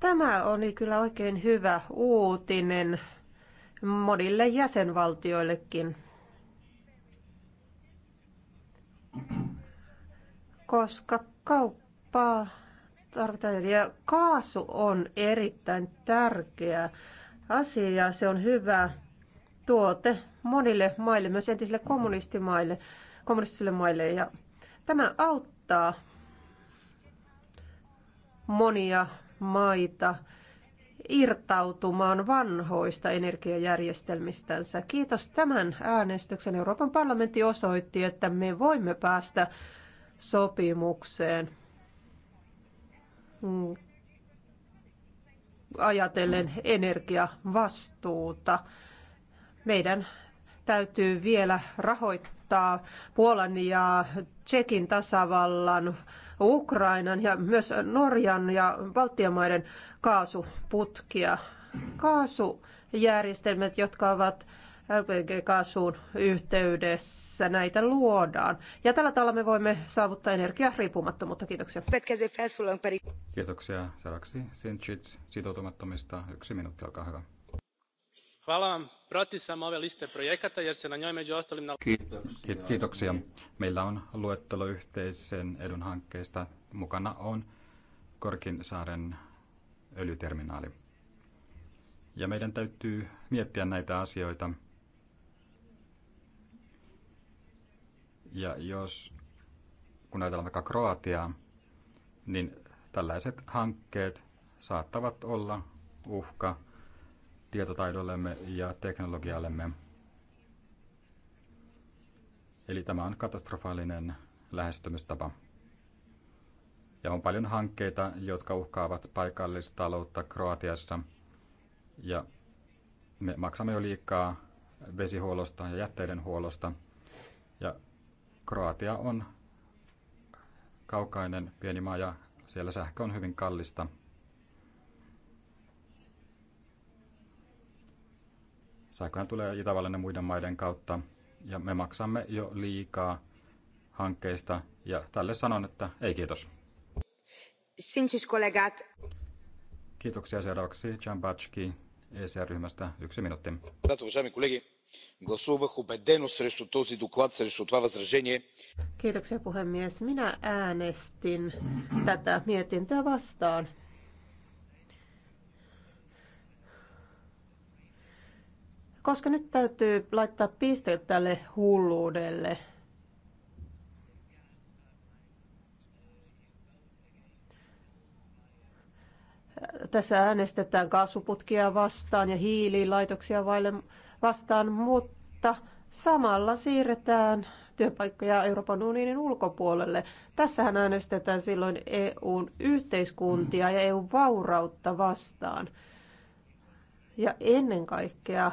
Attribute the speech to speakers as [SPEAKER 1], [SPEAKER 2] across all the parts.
[SPEAKER 1] Tämä oli kyllä oikein hyvä uutinen monille jäsenvaltioillekin, koska kauppaa tarvitaan. Ja kaasu on erittäin tärkeä asia. Se on hyvä tuote monille maille, myös entisille kommunistimaille, kommunistisille maille. Ja tämä auttaa monia maita irtautumaan vanhoista energiajärjestelmistänsä. Kiitos tämän äänestyksen. Euroopan parlamentti osoitti, että me voimme päästä sopimukseen mm. ajatellen energiavastuuta. Meidän täytyy vielä rahoittaa Puolan ja Tsekin tasavallan Ukrainan ja myös Norjan ja Baltian maiden kaasuputkia. Kaasujärjestelmät, jotka ovat LPG-kaasuun yhteydessä näitä luodaan. Ja tällä tavalla me voimme saavuttaa riippumattomuutta. Kiitoksia.
[SPEAKER 2] Kiitoksia. Seuraavaksi Sinchits sitoutumattomista. Yksi minuutti, olkaa hyvä.
[SPEAKER 3] Hvala vam. Protiv sam ove liste projekata jer se na njoj među ostalim... Kiitoksia. Kiitoksia.
[SPEAKER 2] Meillä on luettelo yhteisen edun hankkeesta. Mukana on Korkin saaren öljyterminaali. Ja meidän täytyy miettiä näitä asioita. Ja jos, kun ajatellaan vaikka Kroatiaa, niin tällaiset hankkeet saattavat olla uhka tietotaidollemme ja teknologiallemme. Eli tämä on katastrofaalinen lähestymistapa. Ja on paljon hankkeita, jotka uhkaavat paikallistaloutta Kroatiassa. Ja me maksamme jo liikaa vesihuollosta ja jätteiden huollosta. Ja Kroatia on kaukainen pieni maa ja siellä sähkö on hyvin kallista. Sähköhän tulee Itävallan ja muiden maiden kautta ja me maksamme jo liikaa hankkeista ja tälle sanon, että ei kiitos.
[SPEAKER 4] Sinchis kollegat.
[SPEAKER 2] Kiitoksia seuraavaksi Jambatski ECR-ryhmästä yksi minuutti.
[SPEAKER 1] Kiitoksia puhemies. Minä äänestin tätä mietintöä vastaan koska nyt täytyy laittaa piste tälle hulluudelle. Tässä äänestetään kaasuputkia vastaan ja hiililaitoksia vastaan, mutta samalla siirretään työpaikkoja Euroopan unionin ulkopuolelle. Tässähän äänestetään silloin EUn yhteiskuntia ja EUn vaurautta vastaan. Ja ennen kaikkea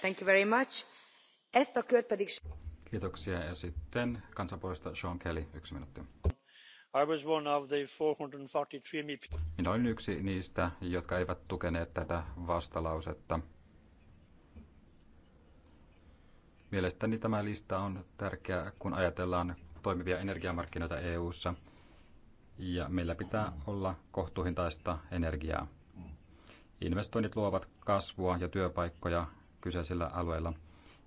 [SPEAKER 5] Thank you
[SPEAKER 4] very much. Esta pedig...
[SPEAKER 2] Kiitoksia. Ja sitten kansanpuolesta Sean Kelly, yksi minuutti.
[SPEAKER 6] I was one of the 443 MEP.
[SPEAKER 2] Minä olin yksi niistä, jotka eivät tukeneet tätä vastalausetta. Mielestäni tämä lista on tärkeä, kun ajatellaan toimivia energiamarkkinoita EU:ssa ja meillä pitää olla kohtuuhintaista energiaa. Investoinnit luovat kasvua ja työpaikkoja kyseisillä alueilla.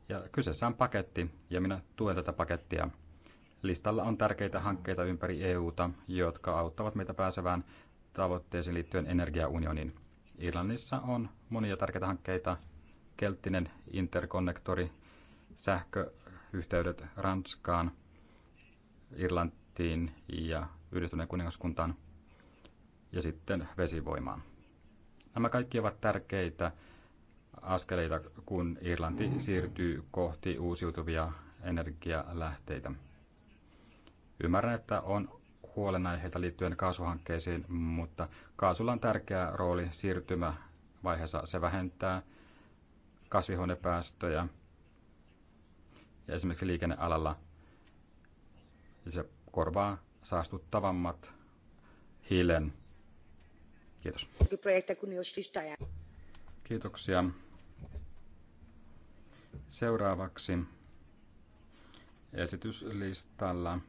[SPEAKER 2] Ja kyseessä on paketti, ja minä tuen tätä pakettia. Listalla on tärkeitä hankkeita ympäri EUta, jotka auttavat meitä pääsevään tavoitteisiin liittyen energiaunionin. Irlannissa on monia tärkeitä hankkeita, kelttinen interkonnektori, sähköyhteydet Ranskaan, Irlantiin ja Yhdistyneen kuningaskuntaan ja sitten vesivoimaan. Nämä kaikki ovat tärkeitä askeleita, kun Irlanti siirtyy kohti uusiutuvia energialähteitä. Ymmärrän, että on huolenaiheita liittyen kaasuhankkeisiin, mutta kaasulla on tärkeä rooli siirtymävaiheessa. Se vähentää kasvihuonepäästöjä ja esimerkiksi liikennealalla se korvaa saastuttavammat hiilen. Kiitos. Kiitoksia. Seuraavaksi esityslistalla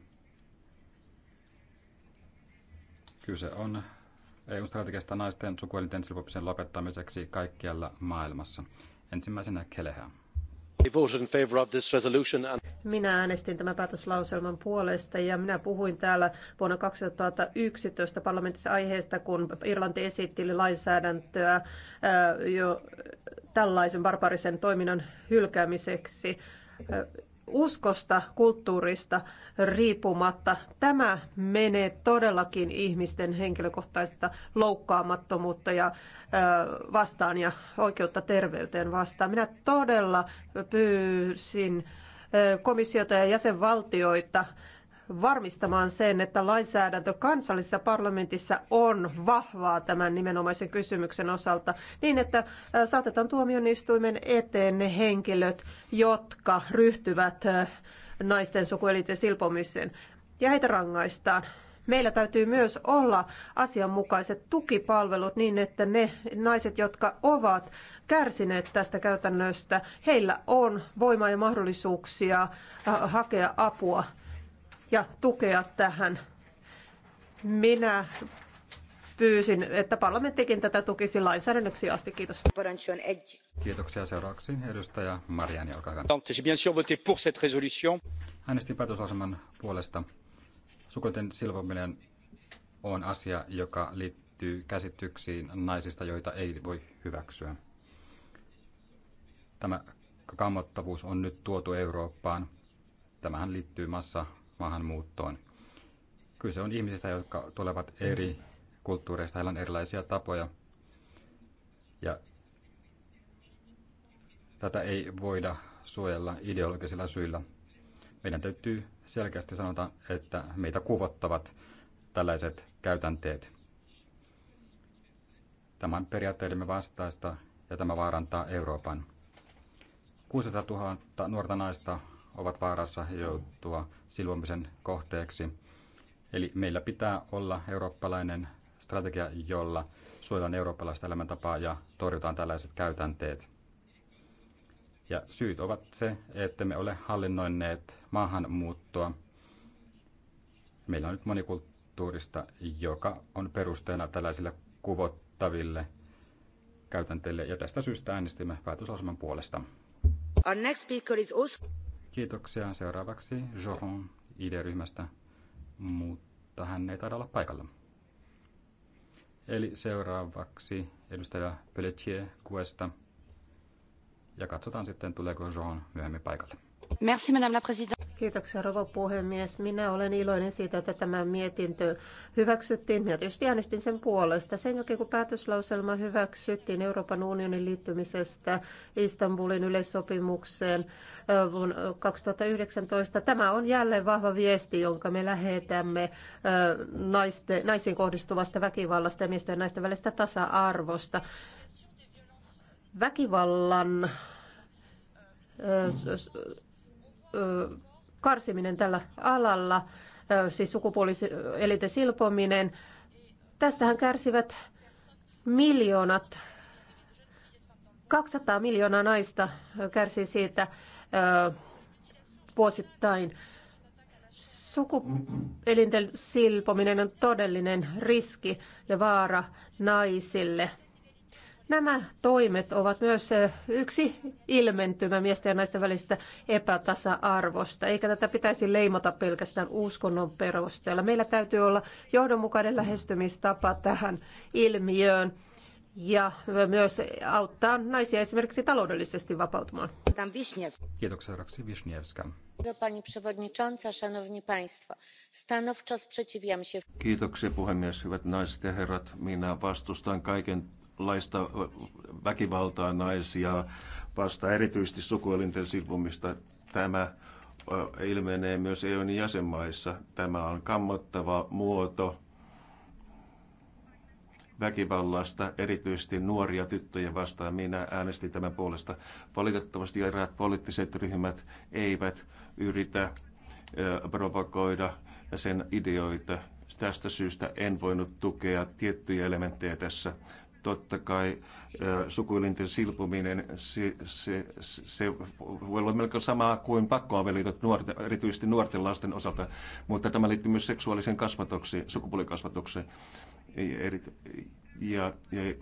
[SPEAKER 2] kyse on EU-strategiasta naisten sukuelinten silpomisen lopettamiseksi kaikkialla maailmassa. Ensimmäisenä Kelehä.
[SPEAKER 1] Minä äänestin tämän päätöslauselman puolesta ja minä puhuin täällä vuonna 2011 parlamentissa aiheesta, kun Irlanti esitti lainsäädäntöä jo tällaisen barbarisen toiminnan hylkäämiseksi uskosta, kulttuurista riippumatta. Tämä menee todellakin ihmisten henkilökohtaista loukkaamattomuutta ja vastaan ja oikeutta terveyteen vastaan. Minä todella pyysin komissiota ja jäsenvaltioita varmistamaan sen, että lainsäädäntö kansallisessa parlamentissa on vahvaa tämän nimenomaisen kysymyksen osalta, niin että saatetaan tuomioistuimen eteen ne henkilöt, jotka ryhtyvät naisten sukuelinten silpomiseen ja heitä rangaistaan. Meillä täytyy myös olla asianmukaiset tukipalvelut niin, että ne naiset, jotka ovat kärsineet tästä käytännöstä, heillä on voimaa ja mahdollisuuksia hakea apua ja tukea tähän. Minä pyysin, että parlamenttikin tätä tukisi lainsäädännöksi asti. Kiitos.
[SPEAKER 2] Kiitoksia seuraavaksi. Edustaja Mariani, olkaa hyvä. bien sûr voté pour cette résolution. Äänestin päätösaseman puolesta. Sukuelten silvominen on asia, joka liittyy käsityksiin naisista, joita ei voi hyväksyä. Tämä kammottavuus on nyt tuotu Eurooppaan. Tämähän liittyy massa maahanmuuttoon. Kyse on ihmisistä, jotka tulevat eri kulttuureista, heillä on erilaisia tapoja. Ja tätä ei voida suojella ideologisilla syillä. Meidän täytyy selkeästi sanota, että meitä kuvottavat tällaiset käytänteet. Tämän periaatteidemme vastaista ja tämä vaarantaa Euroopan. 600 000 nuorta naista ovat vaarassa joutua silvomisen kohteeksi. Eli meillä pitää olla eurooppalainen strategia, jolla suojellaan eurooppalaista elämäntapaa ja torjutaan tällaiset käytänteet. Ja syyt ovat se, että me ole hallinnoineet maahanmuuttoa. Meillä on nyt monikulttuurista, joka on perusteena tällaisille kuvottaville käytänteille, ja tästä syystä äänestimme päätöslauselman puolesta.
[SPEAKER 4] Our next speaker is Oscar.
[SPEAKER 2] Kiitoksia. Seuraavaksi Johon ID-ryhmästä, mutta hän ei taida olla paikalla. Eli seuraavaksi edustaja Pelletier Kuesta. Ja katsotaan sitten, tuleeko Johan myöhemmin paikalle.
[SPEAKER 1] Kiitoksia, rouva puhemies. Minä olen iloinen siitä, että tämä mietintö hyväksyttiin. Minä tietysti äänestin sen puolesta. Sen jälkeen, kun päätöslauselma hyväksyttiin Euroopan unionin liittymisestä Istanbulin yleissopimukseen vuonna 2019, tämä on jälleen vahva viesti, jonka me lähetämme naisten, naisiin kohdistuvasta väkivallasta ja miesten ja naisten välistä tasa-arvosta. Väkivallan karsiminen tällä alalla, siis sukupuolielinten silpominen. Tästähän kärsivät miljoonat, 200 miljoonaa naista kärsii siitä vuosittain. Sukuelinten silpominen on todellinen riski ja vaara naisille – Nämä toimet ovat myös yksi ilmentymä miesten ja naisten välistä epätasa-arvosta, eikä tätä pitäisi leimata pelkästään uskonnon perusteella. Meillä täytyy olla johdonmukainen lähestymistapa tähän ilmiöön ja myös auttaa naisia esimerkiksi taloudellisesti vapautumaan.
[SPEAKER 2] Kiitoksia, Raksi Wisniewska.
[SPEAKER 4] Pani przewodnicząca, szanowni państwo, stanowczo sprzeciwiam się.
[SPEAKER 7] Kiitoksia puhemies, hyvät naiset ja herrat. Minä vastustan kaiken laista väkivaltaa naisia vastaan, erityisesti sukuelinten silpumista. Tämä ilmenee myös EUn jäsenmaissa. Tämä on kammottava muoto väkivallasta, erityisesti nuoria tyttöjä vastaan. Minä äänestin tämän puolesta. Valitettavasti eräät poliittiset ryhmät eivät yritä provokoida sen ideoita. Tästä syystä en voinut tukea tiettyjä elementtejä tässä Totta kai sukuelinten silpuminen, se, se, se voi olla melko samaa kuin pakkoavioliitot nuorten, erityisesti nuorten lasten osalta, mutta tämä liittyy myös seksuaaliseen kasvatukseen, sukupuolikasvatukseen. Ja, ja,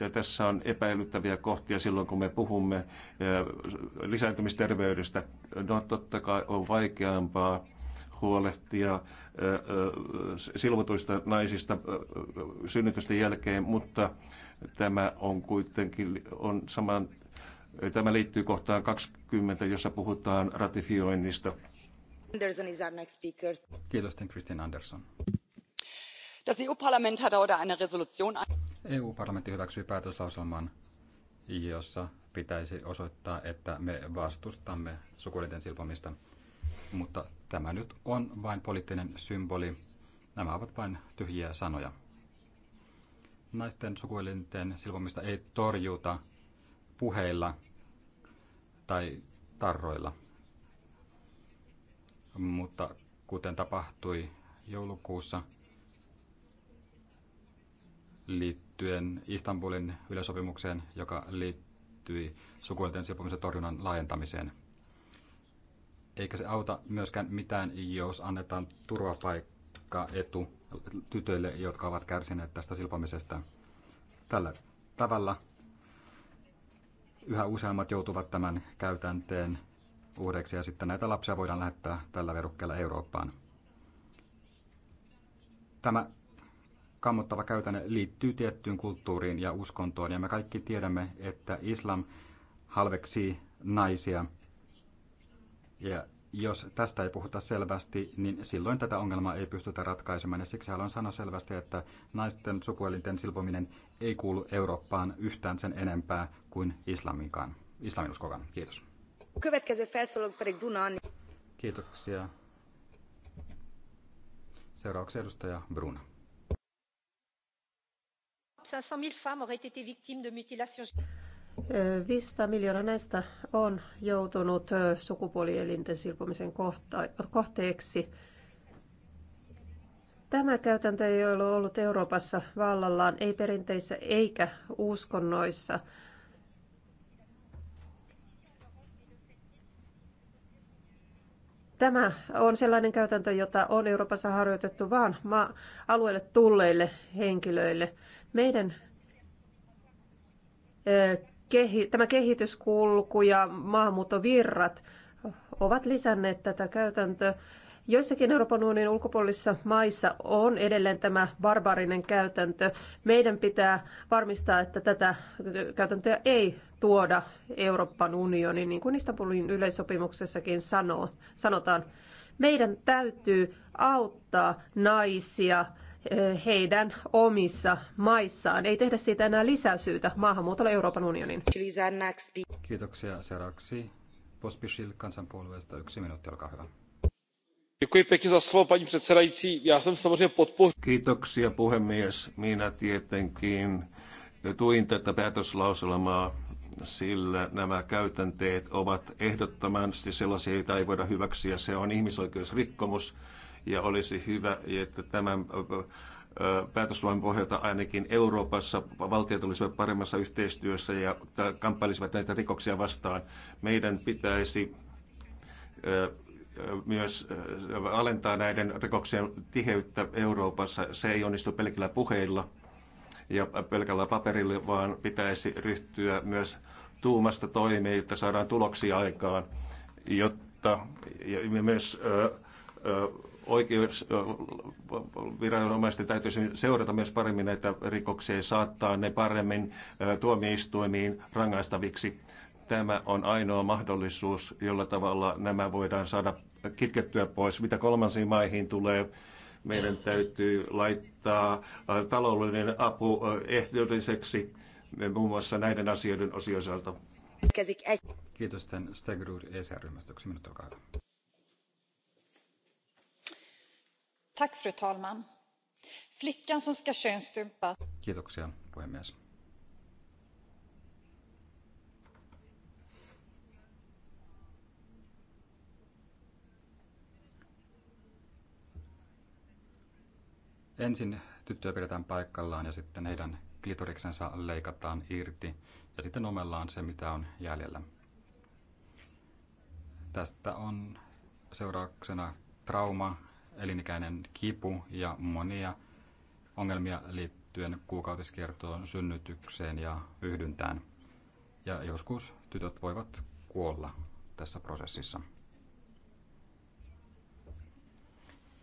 [SPEAKER 7] ja tässä on epäilyttäviä kohtia silloin, kun me puhumme lisääntymisterveydestä. No totta kai on vaikeampaa huolehtia silvotuista naisista synnytysten jälkeen, mutta tämä on kuitenkin on saman, tämä liittyy kohtaan 20, jossa
[SPEAKER 2] puhutaan ratifioinnista.
[SPEAKER 4] Anderson is our next speaker.
[SPEAKER 2] Kiitos, Christian Andersson.
[SPEAKER 4] Das EU-Parlament hat eine Resolution
[SPEAKER 2] EU-parlamentti e hyväksyi päätöslauselman, jossa pitäisi osoittaa, että me vastustamme sukuelinten silpomista. Mutta tämä nyt on vain poliittinen symboli. Nämä ovat vain tyhjiä sanoja. Naisten sukuelinten silpomista ei torjuta puheilla tai tarroilla. Mutta kuten tapahtui joulukuussa liittyen Istanbulin yleisopimukseen, joka liittyi sukuelinten silpomisen torjunnan laajentamiseen – eikä se auta myöskään mitään, jos annetaan turvapaikka etu tytöille, jotka ovat kärsineet tästä silpomisesta. Tällä tavalla yhä useammat joutuvat tämän käytänteen uudeksi ja sitten näitä lapsia voidaan lähettää tällä verukkeella Eurooppaan. Tämä kammottava käytäne liittyy tiettyyn kulttuuriin ja uskontoon ja me kaikki tiedämme, että islam halveksii naisia – ja jos tästä ei puhuta selvästi, niin silloin tätä ongelmaa ei pystytä ratkaisemaan. Ja siksi haluan sanoa selvästi, että naisten sukuelinten silpominen ei kuulu Eurooppaan yhtään sen enempää kuin islaminkaan. islaminuskokaan. Kiitos. Kiitoksia. Seuraavaksi edustaja Bruna.
[SPEAKER 4] 500 000 femmes auraient été victimes de mutilations.
[SPEAKER 1] Vista miljoona näistä on joutunut sukupuolielinten silpomisen kohteeksi. Tämä käytäntö ei ole ollut Euroopassa vallallaan, ei perinteissä eikä uskonnoissa. Tämä on sellainen käytäntö, jota on Euroopassa harjoitettu vain alueelle tulleille henkilöille. Meidän kehi, tämä kehityskulku ja maahanmuuttovirrat ovat lisänneet tätä käytäntöä. Joissakin Euroopan unionin ulkopuolisissa maissa on edelleen tämä barbaarinen käytäntö. Meidän pitää varmistaa, että tätä käytäntöä ei tuoda Euroopan unioniin, niin kuin Istanbulin yleissopimuksessakin sanoo, sanotaan. Meidän täytyy auttaa naisia heidän omissa maissaan. Ei tehdä siitä enää lisäsyytä maahanmuutolle Euroopan unionin.
[SPEAKER 2] Kiitoksia. Seuraavaksi Pospisil kansanpuolueesta yksi minuutti, olkaa hyvä.
[SPEAKER 7] Kiitoksia puhemies. Minä tietenkin tuin tätä päätöslauselmaa sillä nämä käytänteet ovat ehdottomasti sellaisia, joita ei voida hyväksyä. Se on ihmisoikeusrikkomus ja olisi hyvä, että tämän päätösluvan pohjalta ainakin Euroopassa valtiot olisivat paremmassa yhteistyössä ja kamppailisivat näitä rikoksia vastaan. Meidän pitäisi myös alentaa näiden rikoksien tiheyttä Euroopassa. Se ei onnistu pelkillä puheilla ja pelkällä paperilla, vaan pitäisi ryhtyä myös tuumasta toimeen, jotta saadaan tuloksia aikaan, jotta ja myös ö, ö, oikeusviranomaisten täytyisi seurata myös paremmin näitä rikoksia ja saattaa ne paremmin tuomioistuimiin rangaistaviksi. Tämä on ainoa mahdollisuus, jolla tavalla nämä voidaan saada kitkettyä pois. Mitä kolmansiin maihin tulee, meidän täytyy laittaa taloudellinen apu ehdolliseksi
[SPEAKER 2] muun muassa näiden asioiden osioiselta. Kiitos tämän Stegrud ESR-ryhmästä. Yksi minuutti, olkaa hyvä.
[SPEAKER 6] Fru talman. Flickan som ska könsstympas.
[SPEAKER 2] Kiitoksia, puhemies. Ensin tyttöjä pidetään paikallaan ja sitten heidän klitoriksensa leikataan irti ja sitten omellaan se, mitä on jäljellä. Tästä on seurauksena trauma elinikäinen kipu ja monia ongelmia liittyen kuukautiskiertoon, synnytykseen ja yhdyntään. Ja joskus tytöt voivat kuolla tässä prosessissa.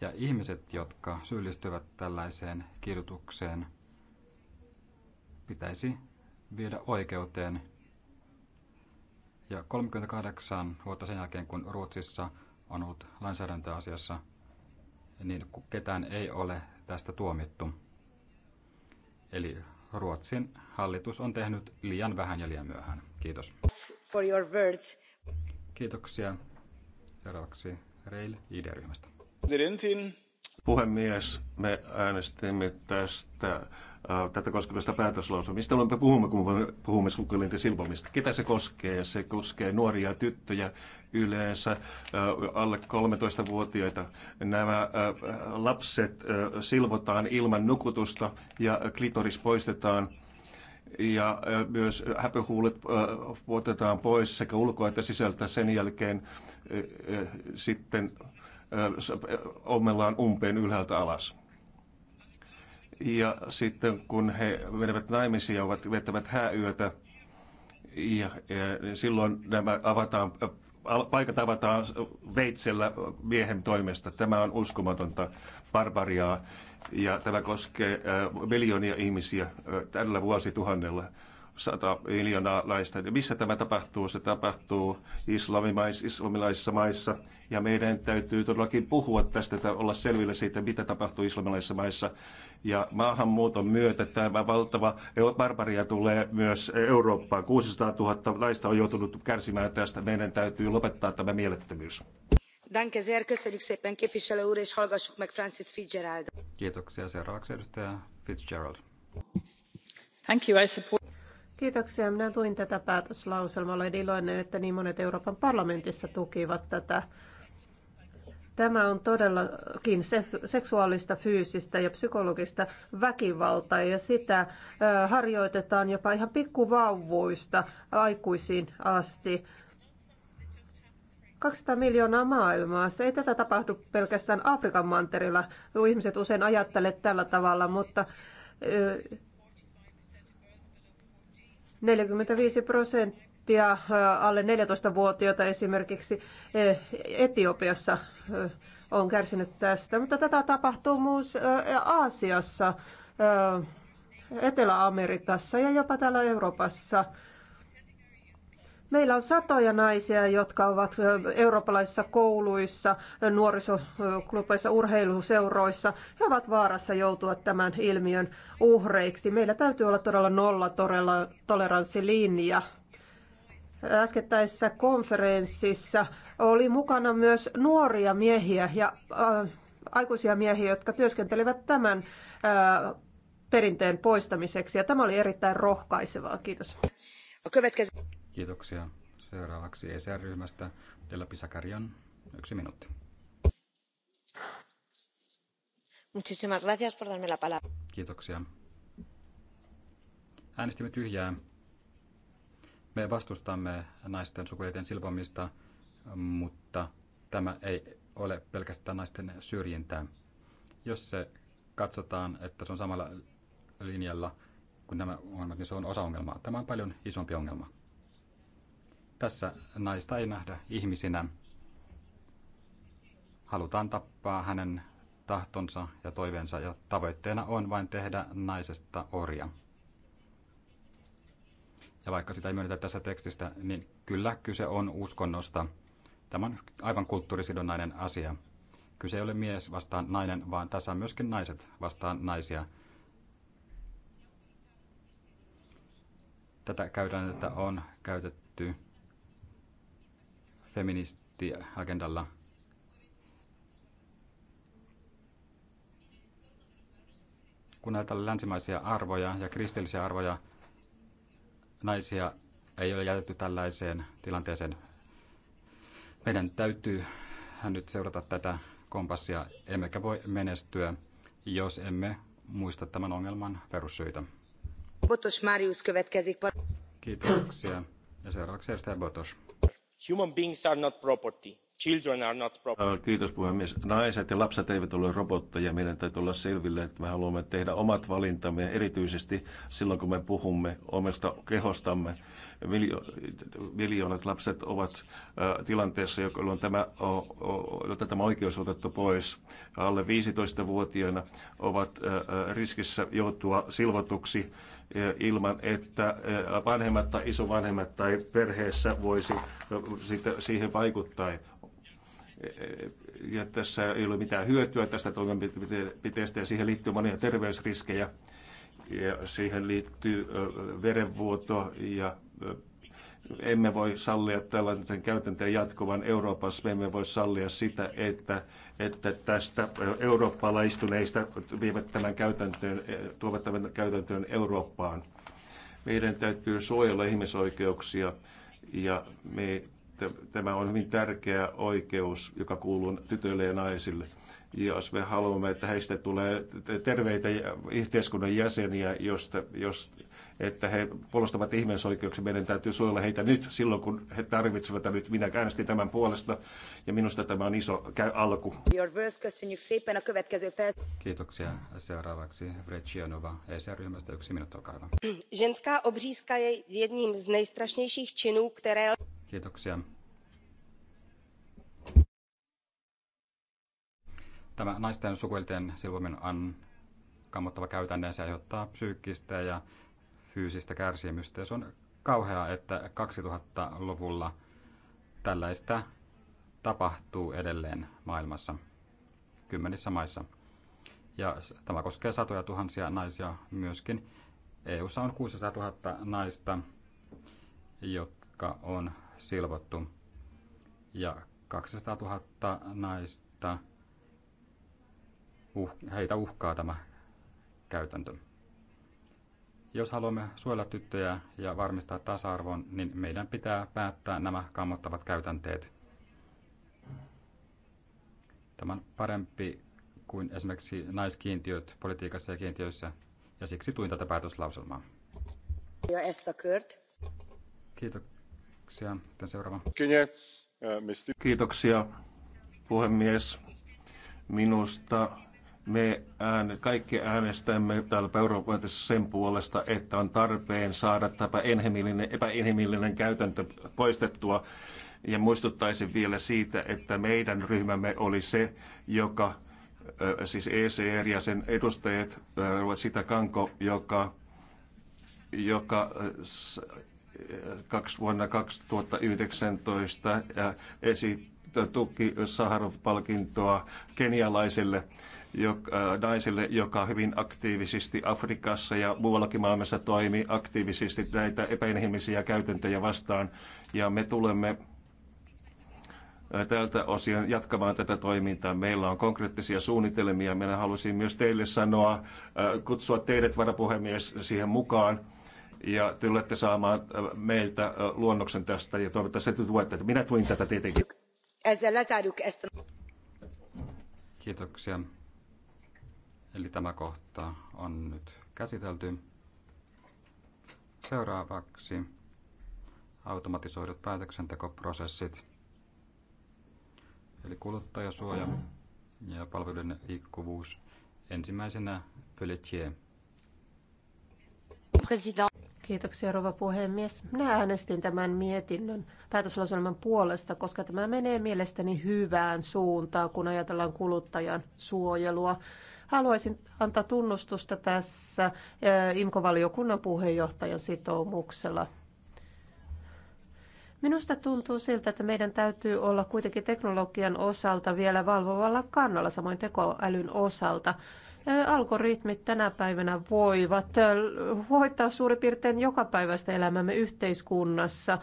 [SPEAKER 2] Ja ihmiset, jotka syyllistyvät tällaiseen kidutukseen, pitäisi viedä oikeuteen. Ja 38 vuotta sen jälkeen, kun Ruotsissa on ollut lainsäädäntöasiassa, niin ketään ei ole tästä tuomittu. Eli Ruotsin hallitus on tehnyt liian vähän ja liian myöhään. Kiitos.
[SPEAKER 4] For your words.
[SPEAKER 2] Kiitoksia. Seuraavaksi Reil ID-ryhmästä. Presidentin. Puhemies,
[SPEAKER 7] me äänestimme tästä äh, tätä koskevasta päätöslausua. Mistä olemme puhumme, kun puhumme sukuelinten silpomista? Ketä se koskee? Se koskee nuoria tyttöjä yleensä, äh, alle 13-vuotiaita. Nämä äh, lapset silvotaan ilman nukutusta ja klitoris poistetaan ja myös häpyhuulet otetaan pois sekä ulkoa että sisältä sen jälkeen sitten Omellaan umpeen ylhäältä alas. Ja sitten kun he menevät naimisiin ja ovat, vettävät hääyötä, ja, ja silloin nämä avataan, paikat avataan veitsellä miehen toimesta. Tämä on uskomatonta barbariaa ja tämä koskee miljoonia ihmisiä tällä vuosituhannella. 100 miljoonaa laista. Missä tämä tapahtuu? Se tapahtuu islamimais, islamilaisissa maissa, ja meidän täytyy todellakin puhua tästä, että olla selvillä siitä, mitä tapahtuu islamilaisissa maissa. Ja maahanmuuton myötä tämä valtava e- barbaria tulee myös Eurooppaan. 600 000 naista on joutunut kärsimään tästä. Meidän täytyy lopettaa tämä
[SPEAKER 2] mielettömyys. Kiitoksia. Seuraavaksi edustaja Fitzgerald.
[SPEAKER 6] Thank you. I support...
[SPEAKER 1] Kiitoksia. Minä tuin tätä päätöslauselmaa. Olen iloinen, että niin monet Euroopan parlamentissa tukivat tätä. Tämä on todellakin seksuaalista, fyysistä ja psykologista väkivaltaa ja sitä harjoitetaan jopa ihan pikkuvauvoista aikuisiin asti. 200 miljoonaa maailmaa. Se ei tätä tapahdu pelkästään Afrikan mantereella. Ihmiset usein ajattelevat tällä tavalla, mutta 45 prosenttia prosenttia alle 14-vuotiaita esimerkiksi Etiopiassa on kärsinyt tästä, mutta tätä tapahtuu myös Aasiassa, Etelä-Amerikassa ja jopa täällä Euroopassa. Meillä on satoja naisia, jotka ovat eurooppalaisissa kouluissa, nuorisoklubeissa, urheiluseuroissa. He ovat vaarassa joutua tämän ilmiön uhreiksi. Meillä täytyy olla todella nolla toleranssilinja äskettäisessä konferenssissa oli mukana myös nuoria miehiä ja äh, aikuisia miehiä, jotka työskentelevät tämän äh, perinteen poistamiseksi. Ja tämä oli erittäin rohkaisevaa. Kiitos.
[SPEAKER 2] Kiitoksia. Seuraavaksi ESR-ryhmästä Della Pisakarian. Yksi minuutti.
[SPEAKER 4] Muchísimas gracias por darme la palabra.
[SPEAKER 2] Kiitoksia. Äänestimme tyhjää me vastustamme naisten sukuelten silpomista, mutta tämä ei ole pelkästään naisten syrjintää. Jos se katsotaan, että se on samalla linjalla kuin nämä ongelmat, niin se on osa ongelmaa. Tämä on paljon isompi ongelma. Tässä naista ei nähdä ihmisinä. Halutaan tappaa hänen tahtonsa ja toiveensa ja tavoitteena on vain tehdä naisesta orja. Ja vaikka sitä ei myönnetä tässä tekstistä, niin kyllä kyse on uskonnosta. Tämä on aivan kulttuurisidonnainen asia. Kyse ei ole mies vastaan nainen, vaan tässä on myöskin naiset vastaan naisia. Tätä että on käytetty feministiagendalla kun näitä länsimaisia arvoja ja kristillisiä arvoja, naisia ei ole jätetty tällaiseen tilanteeseen. Meidän täytyy nyt seurata tätä kompassia, emmekä voi menestyä, jos emme muista tämän ongelman perussyitä.
[SPEAKER 4] Botos Marius következik.
[SPEAKER 2] Kiitoksia. Ja seuraavaksi edustaja Botos. Human beings are not property Children are not
[SPEAKER 7] äh, Kiitos puhemies. Naiset ja lapset eivät ole robotteja. Meidän täytyy olla selville, että me haluamme tehdä omat valintamme, erityisesti silloin kun me puhumme omasta kehostamme. Miljoonat lapset ovat äh, tilanteessa, jolloin tämä, jolta tämä oikeus on otettu pois. Alle 15-vuotiaina ovat äh, riskissä joutua silvotuksi ilman, että vanhemmat tai isovanhemmat tai perheessä voisi siihen vaikuttaa ja tässä ei ole mitään hyötyä tästä toimenpiteestä ja siihen liittyy monia terveysriskejä. Ja siihen liittyy verenvuoto ja emme voi sallia tällaisen käytänteen jatkuvan Euroopassa. Me emme voi sallia sitä, että, että tästä eurooppalaistuneista vievät tämän käytäntöön, tuovat tämän käytäntöön Eurooppaan. Meidän täytyy suojella ihmisoikeuksia ja me tämä on hyvin tärkeä oikeus, joka kuuluu tytöille ja naisille. Jos me haluamme, että heistä tulee terveitä yhteiskunnan jäseniä, josta, jos, että he puolustavat ihmisoikeuksia. Meidän täytyy suojella heitä nyt, silloin kun he tarvitsevat. nyt minä käännästin tämän puolesta
[SPEAKER 2] ja minusta tämä on iso alku. Kiitoksia. Seuraavaksi Vrecianova ESR-ryhmästä yksi minuutti, olkaa hyvä.
[SPEAKER 4] Ženská obřízka je jedním z nejstrašnějších činů, které...
[SPEAKER 2] Kiitoksia. Tämä naisten sukuelten silvominen on kammottava käytännössä aiheuttaa psyykkistä ja fyysistä kärsimystä. Ja se on kauheaa, että 2000-luvulla tällaista tapahtuu edelleen maailmassa kymmenissä maissa. Ja tämä koskee satoja tuhansia naisia myöskin. EU:ssa on 600 000 naista, jotka on silvottu. Ja 200 000 naista, uh, heitä uhkaa tämä käytäntö. Jos haluamme suojella tyttöjä ja varmistaa tasa-arvon, niin meidän pitää päättää nämä kammottavat käytänteet. Tämä on parempi kuin esimerkiksi naiskiintiöt politiikassa ja kiintiöissä, ja siksi tuin tätä päätöslauselmaa. Kiitoksia. Sitten seuraava. Äh,
[SPEAKER 7] Kiitoksia, puhemies. Minusta me ääne, kaikki äänestämme täällä Euroopan sen puolesta, että on tarpeen saada tämä epäinhimillinen käytäntö poistettua. Ja muistuttaisin vielä siitä, että meidän ryhmämme oli se, joka, siis ECR ja sen edustajat, sitä kanko, joka, joka kaksi vuonna 2019 esitti tuki Saharov-palkintoa kenialaiselle joka, äh, naiselle, joka hyvin aktiivisesti Afrikassa ja muuallakin maailmassa toimii aktiivisesti näitä epäinhimillisiä käytäntöjä vastaan. Ja me tulemme äh, tältä osin jatkamaan tätä toimintaa. Meillä on konkreettisia suunnitelmia. Minä halusin myös teille sanoa, äh, kutsua teidät varapuhemies siihen mukaan. Ja te saamaan meiltä luonnoksen tästä ja toivottavasti te tuette. Minä tuin tätä tietenkin.
[SPEAKER 4] Ezzel lezárjuk ezt.
[SPEAKER 2] Kiitoksia. Eli tämä kohta on nyt käsitelty. Seuraavaksi automatisoidut päätöksentekoprosessit, eli kuluttajasuoja ja palveluiden liikkuvuus. Ensimmäisenä Pelletier.
[SPEAKER 1] Kiitoksia, rouva puhemies. Minä äänestin tämän mietinnön päätöslauselman puolesta, koska tämä menee mielestäni hyvään suuntaan, kun ajatellaan kuluttajan suojelua. Haluaisin antaa tunnustusta tässä eh, IMKO-valiokunnan puheenjohtajan sitoumuksella. Minusta tuntuu siltä, että meidän täytyy olla kuitenkin teknologian osalta vielä valvovalla kannalla, samoin tekoälyn osalta algoritmit tänä päivänä voivat hoitaa suurin piirtein jokapäiväistä elämämme yhteiskunnassa.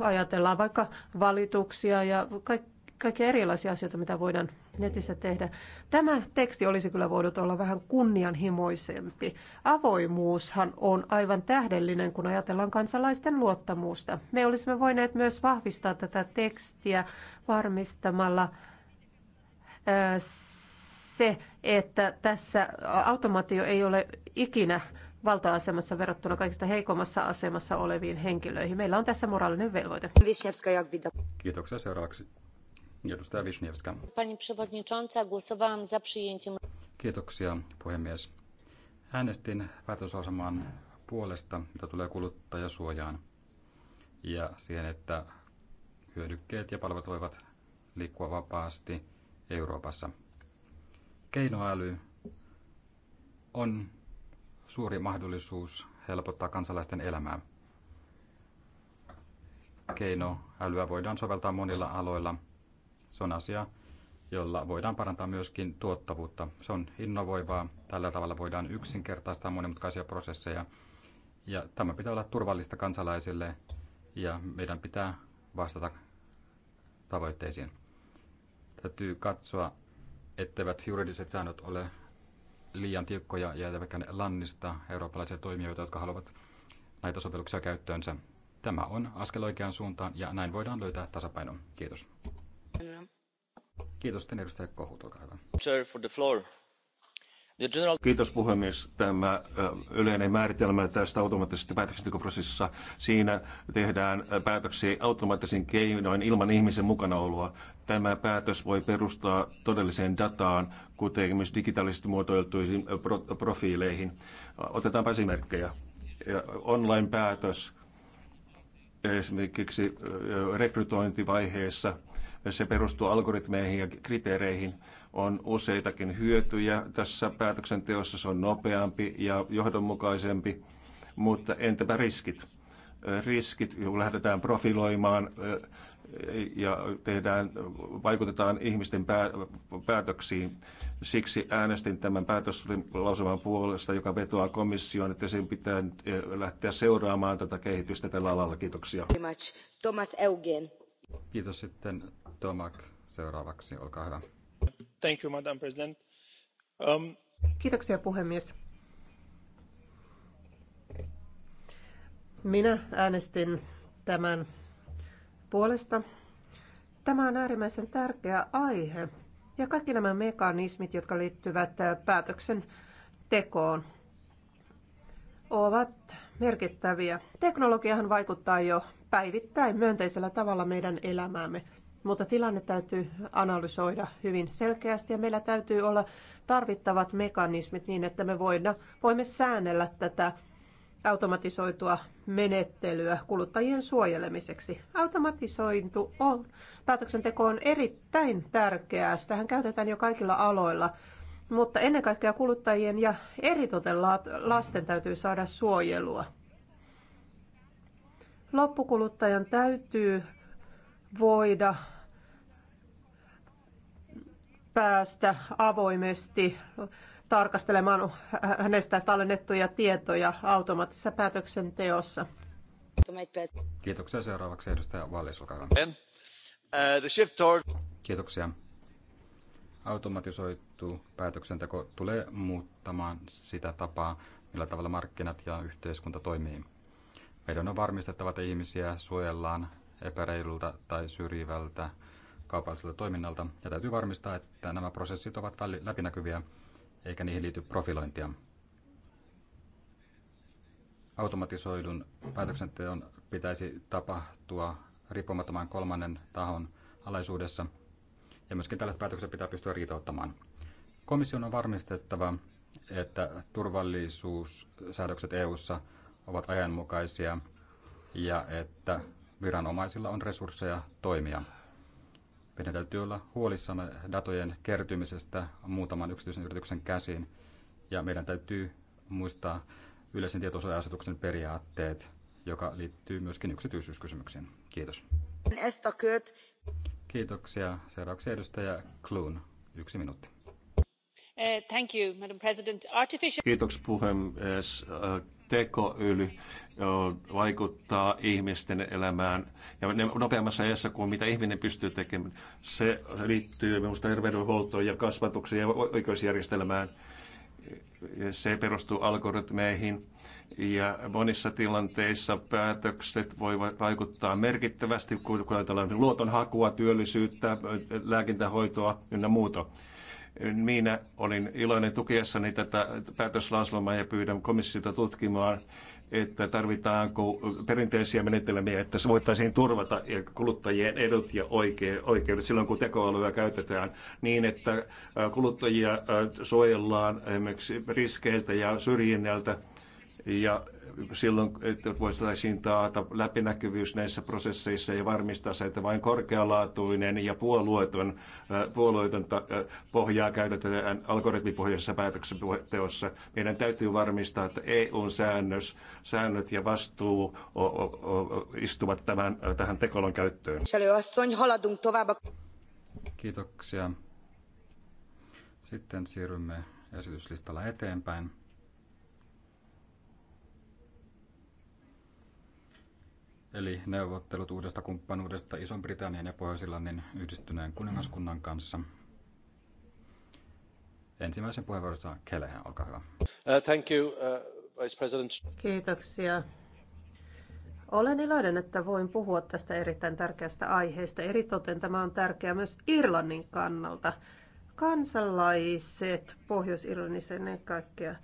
[SPEAKER 1] Ajatellaan vaikka valituksia ja kaikkia erilaisia asioita, mitä voidaan netissä tehdä. Tämä teksti olisi kyllä voinut olla vähän kunnianhimoisempi. Avoimuushan on aivan tähdellinen, kun ajatellaan kansalaisten luottamusta. Me olisimme voineet myös vahvistaa tätä tekstiä varmistamalla se, että tässä automaatio ei ole ikinä valta-asemassa verrattuna kaikista heikommassa asemassa oleviin henkilöihin. Meillä on tässä moraalinen velvoite.
[SPEAKER 2] Kiitoksia seuraavaksi. Edustaja Wisniewska.
[SPEAKER 1] Pani przewodnicząca,
[SPEAKER 4] głosowałam za przyjęciem.
[SPEAKER 2] Kiitoksia, puhemies. Äänestin päätösasemaan puolesta, mitä tulee kuluttajasuojaan ja siihen, että hyödykkeet ja palvelut voivat liikkua vapaasti Euroopassa. Keinoäly on suuri mahdollisuus helpottaa kansalaisten elämää. Keinoälyä voidaan soveltaa monilla aloilla. Se on asia, jolla voidaan parantaa myöskin tuottavuutta. Se on innovoivaa. Tällä tavalla voidaan yksinkertaistaa monimutkaisia prosesseja. Ja tämä pitää olla turvallista kansalaisille ja meidän pitää vastata tavoitteisiin. Täytyy katsoa etteivät juridiset säännöt ole liian tiukkoja ja eivätkä ne lannista eurooppalaisia toimijoita, jotka haluavat näitä sovelluksia käyttöönsä. Tämä on askel oikeaan suuntaan ja näin voidaan löytää tasapaino. Kiitos. Kiitos, edustaja Kohut, olkaa hyvä. Chair for the floor.
[SPEAKER 7] Kiitos puhemies. Tämä yleinen määritelmä tästä automaattisesta päätöksentekoprosessissa, siinä tehdään päätöksiä automaattisin keinoin ilman ihmisen mukanaoloa. Tämä päätös voi perustaa todelliseen dataan, kuten myös digitaalisesti muotoiltuihin profiileihin. Otetaanpa esimerkkejä. Online-päätös esimerkiksi rekrytointivaiheessa, se perustuu algoritmeihin ja kriteereihin – on useitakin hyötyjä tässä päätöksenteossa. Se on nopeampi ja johdonmukaisempi, mutta entäpä riskit? Riskit, kun lähdetään profiloimaan ja tehdään, vaikutetaan ihmisten päätöksiin. Siksi äänestin tämän päätöslausuman puolesta, joka vetoaa komissioon, että sen pitää lähteä seuraamaan
[SPEAKER 2] tätä kehitystä tällä alalla. Kiitoksia.
[SPEAKER 4] Thomas Eugen.
[SPEAKER 2] Kiitos sitten Tomak. Seuraavaksi, olkaa hyvä. Um,
[SPEAKER 1] Kiitoksia puhemies. Minä äänestin tämän puolesta. Tämä on äärimmäisen tärkeä aihe ja kaikki nämä mekanismit, jotka liittyvät äh, päätöksen tekoon, ovat merkittäviä. Teknologiahan vaikuttaa jo päivittäin myönteisellä tavalla meidän elämäämme mutta tilanne täytyy analysoida hyvin selkeästi ja meillä täytyy olla tarvittavat mekanismit niin, että me voida, voimme säännellä tätä automatisoitua menettelyä kuluttajien suojelemiseksi. Automatisointu on, päätöksenteko on erittäin tärkeää. Sitähän käytetään jo kaikilla aloilla, mutta ennen kaikkea kuluttajien ja eritoten lasten täytyy saada suojelua. Loppukuluttajan täytyy voida päästä avoimesti tarkastelemaan hänestä tallennettuja tietoja automaattisessa päätöksenteossa.
[SPEAKER 2] Kiitoksia. Seuraavaksi edustaja Wallis, olkaa hyvä. Uh, Kiitoksia. Automatisoitu päätöksenteko tulee muuttamaan sitä tapaa, millä tavalla markkinat ja yhteiskunta toimii. Meidän on varmistettava, että ihmisiä suojellaan epäreilulta tai syrjivältä kaupalliselta toiminnalta. Ja täytyy varmistaa, että nämä prosessit ovat läpinäkyviä eikä niihin liity profilointia. Automatisoidun päätöksenteon pitäisi tapahtua riippumattoman kolmannen tahon alaisuudessa, ja myöskin tällaiset päätökset pitää pystyä riitauttamaan. Komission on varmistettava, että turvallisuussäädökset EU:ssa ovat ajanmukaisia ja että viranomaisilla on resursseja toimia. Meidän täytyy olla huolissamme datojen kertymisestä muutaman yksityisen yrityksen käsiin, ja meidän täytyy muistaa yleisen tietosuoja-asetuksen periaatteet, joka liittyy myöskin yksityisyyskysymyksiin. Kiitos. Kiitoksia. Seuraavaksi edustaja Kloon. Yksi minuutti.
[SPEAKER 6] Eh, thank you, Madam President. Artificial...
[SPEAKER 2] Kiitoksia puhemies Tekoäly
[SPEAKER 7] vaikuttaa ihmisten elämään ja nopeammassa ajassa kuin mitä ihminen pystyy tekemään. Se liittyy minusta terveydenhuoltoon ja kasvatukseen ja oikeusjärjestelmään. Se perustuu algoritmeihin ja monissa tilanteissa päätökset voivat vaikuttaa merkittävästi, kun ajatellaan luotonhakua, työllisyyttä, lääkintähoitoa ynnä muuta. Minä olin iloinen tukiessani tätä päätöslauselmaa ja pyydän komissiota tutkimaan, että tarvitaanko perinteisiä menetelmiä, että se voitaisiin turvata ja kuluttajien edut ja oikeudet silloin, kun tekoälyä käytetään niin, että kuluttajia suojellaan esimerkiksi riskeiltä ja syrjinnältä ja silloin, että voitaisiin taata läpinäkyvyys näissä prosesseissa ja varmistaa se, että vain korkealaatuinen ja puolueeton, äh, puolueeton äh, pohjaa käytetään algoritmipohjaisessa päätöksenteossa. Meidän täytyy varmistaa, että EU-säännös, säännöt ja vastuu
[SPEAKER 2] o, o, o, istuvat tämän, äh, tähän tekolon käyttöön. Kiitoksia. Sitten siirrymme esityslistalla eteenpäin. eli neuvottelut uudesta kumppanuudesta Ison-Britannian ja Pohjois-Irlannin yhdistyneen kuningaskunnan kanssa. Ensimmäisen puheenvuorossa saa Kelehän, olkaa hyvä.
[SPEAKER 3] Uh, thank you, uh, Vice President.
[SPEAKER 1] Kiitoksia. Olen iloinen, että voin puhua tästä erittäin tärkeästä aiheesta. Eritoten tämä on tärkeää myös Irlannin kannalta. Kansalaiset Pohjois-Irlannissa ennen kaikkea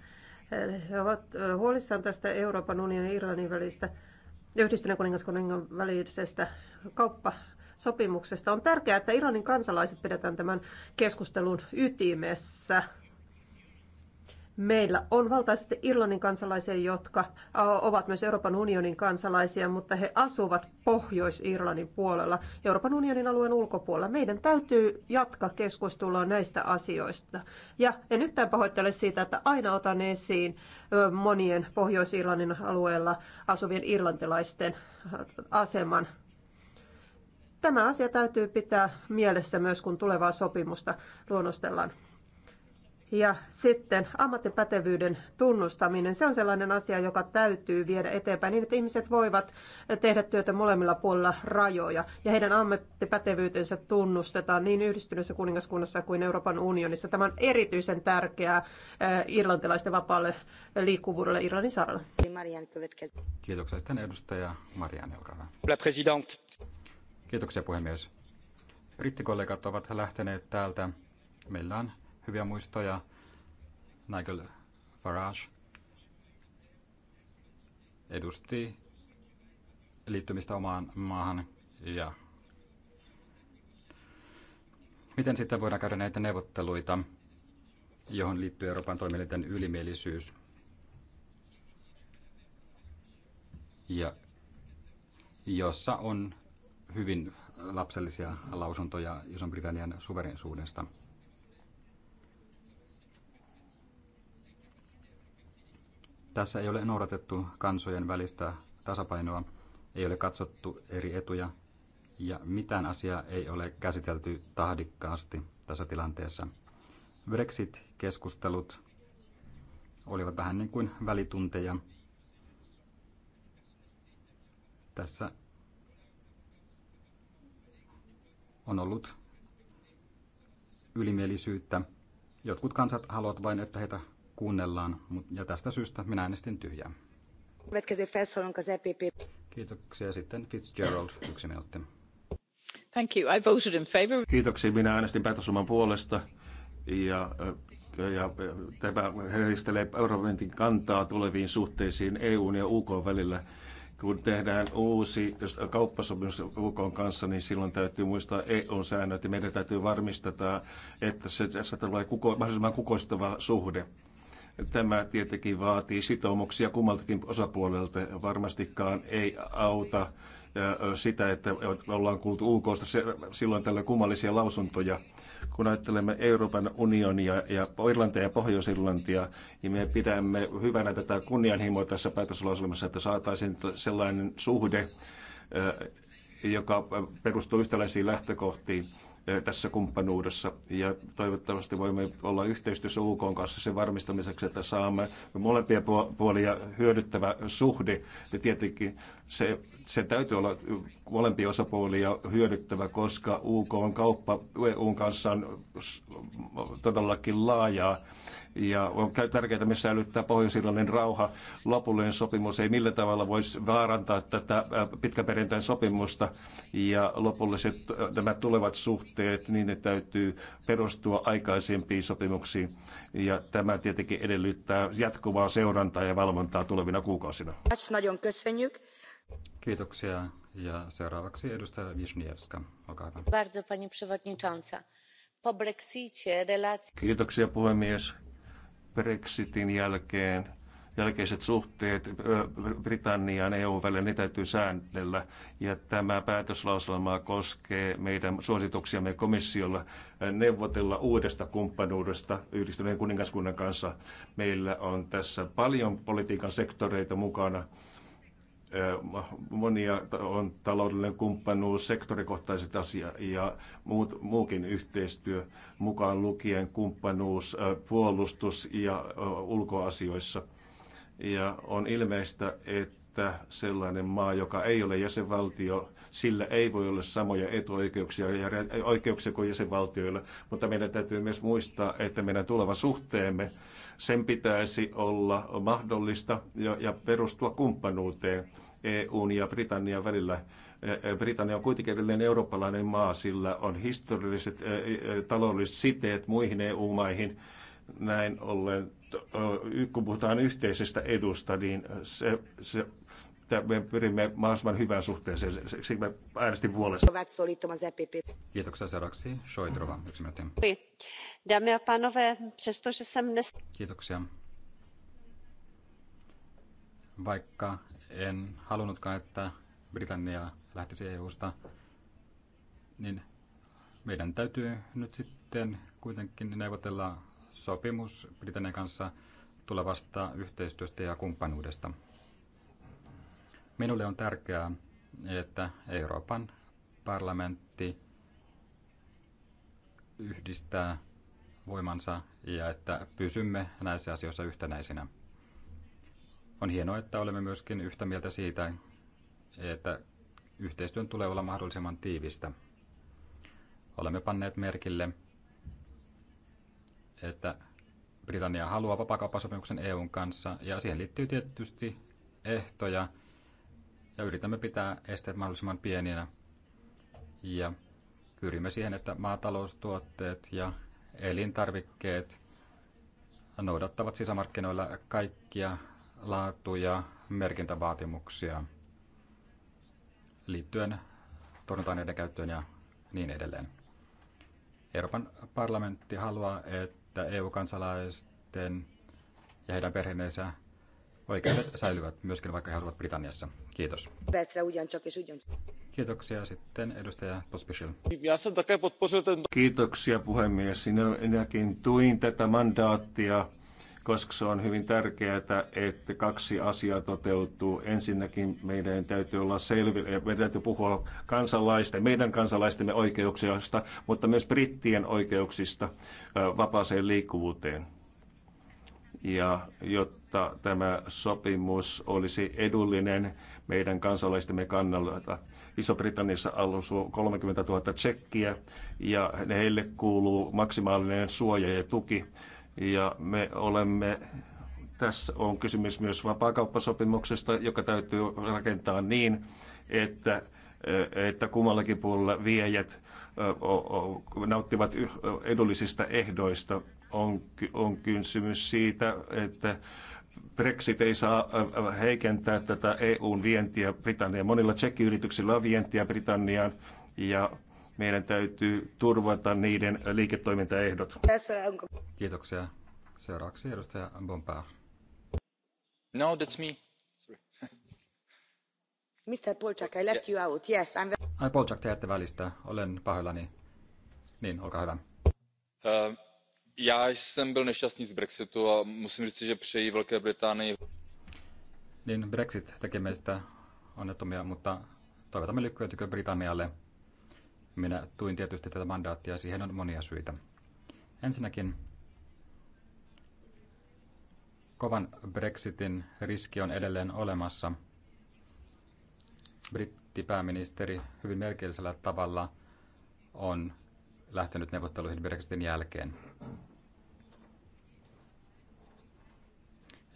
[SPEAKER 1] he ovat huolissaan tästä Euroopan unionin ja Irlannin välistä yhdistyneen kuningaskunnan välisestä kauppasopimuksesta. On tärkeää, että Iranin kansalaiset pidetään tämän keskustelun ytimessä. Meillä on valtaisesti Irlannin kansalaisia, jotka ovat myös Euroopan unionin kansalaisia, mutta he asuvat Pohjois-Irlannin puolella, Euroopan unionin alueen ulkopuolella. Meidän täytyy jatkaa keskustelua näistä asioista. Ja en yhtään pahoittele siitä, että aina otan esiin monien Pohjois-Irlannin alueella asuvien irlantilaisten aseman. Tämä asia täytyy pitää mielessä myös, kun tulevaa sopimusta luonnostellaan. Ja sitten ammattipätevyyden tunnustaminen, se on sellainen asia, joka täytyy viedä eteenpäin niin, että ihmiset voivat tehdä työtä molemmilla puolilla rajoja. Ja heidän ammattipätevyytensä tunnustetaan niin yhdistyneessä kuningaskunnassa kuin Euroopan unionissa. Tämä on erityisen tärkeää eh, irlantilaisten vapaalle liikkuvuudelle Irlannin saarella.
[SPEAKER 2] Kiitoksia sitten edustaja Marianne, olkaa hyvä. Kiitoksia puhemies. Brittikollegat ovat lähteneet täältä. Meillä on hyviä muistoja. Nigel Farage edusti liittymistä omaan maahan ja miten sitten voidaan käydä näitä neuvotteluita, johon liittyy Euroopan toimielinten ylimielisyys. Ja jossa on hyvin lapsellisia lausuntoja Ison-Britannian suverensuudesta. Tässä ei ole noudatettu kansojen välistä tasapainoa, ei ole katsottu eri etuja ja mitään asiaa ei ole käsitelty tahdikkaasti tässä tilanteessa. Brexit-keskustelut olivat vähän niin kuin välitunteja. Tässä on ollut ylimielisyyttä. Jotkut kansat haluavat vain, että heitä kuunnellaan, ja tästä syystä minä äänestin tyhjää. E Kiitoksia. Sitten Fitzgerald, yksi minuutti.
[SPEAKER 6] Thank you. I voted in favor.
[SPEAKER 7] Kiitoksia. Minä äänestin päätösumman puolesta. Ja, äh, ja äh, tämä heristelee parlamentin kantaa tuleviin suhteisiin EUn ja UK välillä kun tehdään uusi kauppasopimus UK kanssa, niin silloin täytyy muistaa EU-säännöt ja meidän täytyy varmistaa, että se, se tulee kuko, mahdollisimman kukoistava suhde. Tämä tietenkin vaatii sitoumuksia kummaltakin osapuolelta. Varmastikaan ei auta sitä, että ollaan kuultu UK silloin tällä kummallisia lausuntoja. Kun ajattelemme Euroopan unionia ja Irlantia ja Pohjois-Irlantia, niin me pidämme hyvänä tätä kunnianhimoa tässä päätöslauselmassa, että saataisiin sellainen suhde, joka perustuu yhtäläisiin lähtökohtiin Eh, tässä kumppanuudessa. Ja toivottavasti voimme olla yhteistyössä UK kanssa sen varmistamiseksi, että saamme molempia puolia hyödyttävä suhde. Ja tietenkin se, se täytyy olla molempia osapuolia hyödyttävä, koska UK on kauppa EUn kanssa on todellakin laajaa ja on tärkeää myös säilyttää pohjois rauha. Lopullinen sopimus ei millään tavalla voisi vaarantaa tätä pitkän sopimusta. Ja lopulliset nämä tulevat suhteet, niin ne täytyy perustua aikaisempiin sopimuksiin. Ja tämä tietenkin
[SPEAKER 2] edellyttää jatkuvaa seurantaa ja valvontaa tulevina kuukausina. Kiitoksia. Ja seuraavaksi edustaja Wisniewska. Olkaa hyvä.
[SPEAKER 4] Bardzo, pani przewodnicząca. Po Brexicie relacje...
[SPEAKER 2] Kiitoksia puhemies.
[SPEAKER 7] Brexitin jälkeen jälkeiset suhteet Britannian ja EU välillä, ne täytyy säännellä. Ja tämä päätöslauselma koskee meidän suosituksiamme komissiolla neuvotella uudesta kumppanuudesta yhdistyneen kuningaskunnan kanssa. Meillä on tässä paljon politiikan sektoreita mukana monia on taloudellinen kumppanuus, sektorikohtaiset asiat ja muut, muukin yhteistyö, mukaan lukien kumppanuus puolustus- ja ulkoasioissa. Ja on ilmeistä, että sellainen maa, joka ei ole jäsenvaltio, sillä ei voi olla samoja etuoikeuksia ja oikeuksia kuin jäsenvaltioilla, mutta meidän täytyy myös muistaa, että meidän tuleva suhteemme sen pitäisi olla mahdollista ja, ja perustua kumppanuuteen EUn ja Britannian välillä. E, e, Britannia on kuitenkin edelleen eurooppalainen maa, sillä on historialliset e, taloudelliset siteet muihin EU-maihin. Näin ollen, kun puhutaan yhteisestä edusta, niin se, se että me pyrimme mahdollisimman hyvään suhteeseen. Siksi me äänestin puolesta. Kiitoksia seuraavaksi.
[SPEAKER 2] Shoidrova, yksi minuutti. Kiitoksia. Vaikka en halunnutkaan, että Britannia lähtisi EU-sta, niin meidän täytyy nyt sitten kuitenkin neuvotella sopimus Britannian kanssa tulevasta yhteistyöstä ja kumppanuudesta. Minulle on tärkeää, että Euroopan parlamentti yhdistää voimansa ja että pysymme näissä asioissa yhtenäisinä. On hienoa, että olemme myöskin yhtä mieltä siitä, että yhteistyön tulee olla mahdollisimman tiivistä. Olemme panneet merkille, että Britannia haluaa vapakauppasopimuksen EUn kanssa ja siihen liittyy tietysti ehtoja, ja yritämme pitää esteet mahdollisimman pieninä ja pyrimme siihen, että maataloustuotteet ja elintarvikkeet noudattavat sisämarkkinoilla kaikkia laatu- ja merkintävaatimuksia liittyen torjunta-aineiden käyttöön ja niin edelleen. Euroopan parlamentti haluaa, että EU-kansalaisten ja heidän perheensä oikeudet säilyvät myöskin vaikka he asuvat Britanniassa. Kiitos. Kiitoksia sitten edustaja Pospisil.
[SPEAKER 7] Kiitoksia puhemies. Minäkin tuin tätä mandaattia, koska se on hyvin tärkeää, että kaksi asiaa toteutuu. Ensinnäkin meidän täytyy olla selville, meidän täytyy puhua kansalaisten, meidän kansalaistemme oikeuksista, mutta myös brittien oikeuksista vapaaseen liikkuvuuteen ja jotta tämä sopimus olisi edullinen meidän kansalaistemme kannalta. Iso-Britanniassa alussa 30 000 tsekkiä ja heille kuuluu maksimaalinen suoja ja tuki. Ja me olemme tässä on kysymys myös vapaakauppasopimuksesta, joka täytyy rakentaa niin, että, että kummallakin puolella viejät nauttivat edullisista ehdoista on, on kysymys siitä, että Brexit ei saa äh, äh, heikentää tätä EUn vientiä Britanniaan. Monilla tsekkiyrityksillä on vientiä Britanniaan ja meidän täytyy
[SPEAKER 2] turvata niiden liiketoimintaehdot. Kiitoksia. Seuraavaksi edustaja Bompää. No, that's me.
[SPEAKER 4] Mr. Polchak, I left you out. Yes, I'm...
[SPEAKER 2] Ai Polchak, te jätte välistä. Olen pahoillani. Niin, olkaa hyvä. Uh, já jsem byl nešťastný z brexitu a musím říci že přeji velké británii niin Brexit teki meistä onnettomia, mutta toivotamme lykkyä tykö Britannialle. Minä tuin tietysti tätä mandaattia, siihen on monia syitä. Ensinnäkin kovan Brexitin riski on edelleen olemassa. Brittipääministeri hyvin merkillisellä tavalla on lähtenyt neuvotteluihin Brexitin jälkeen.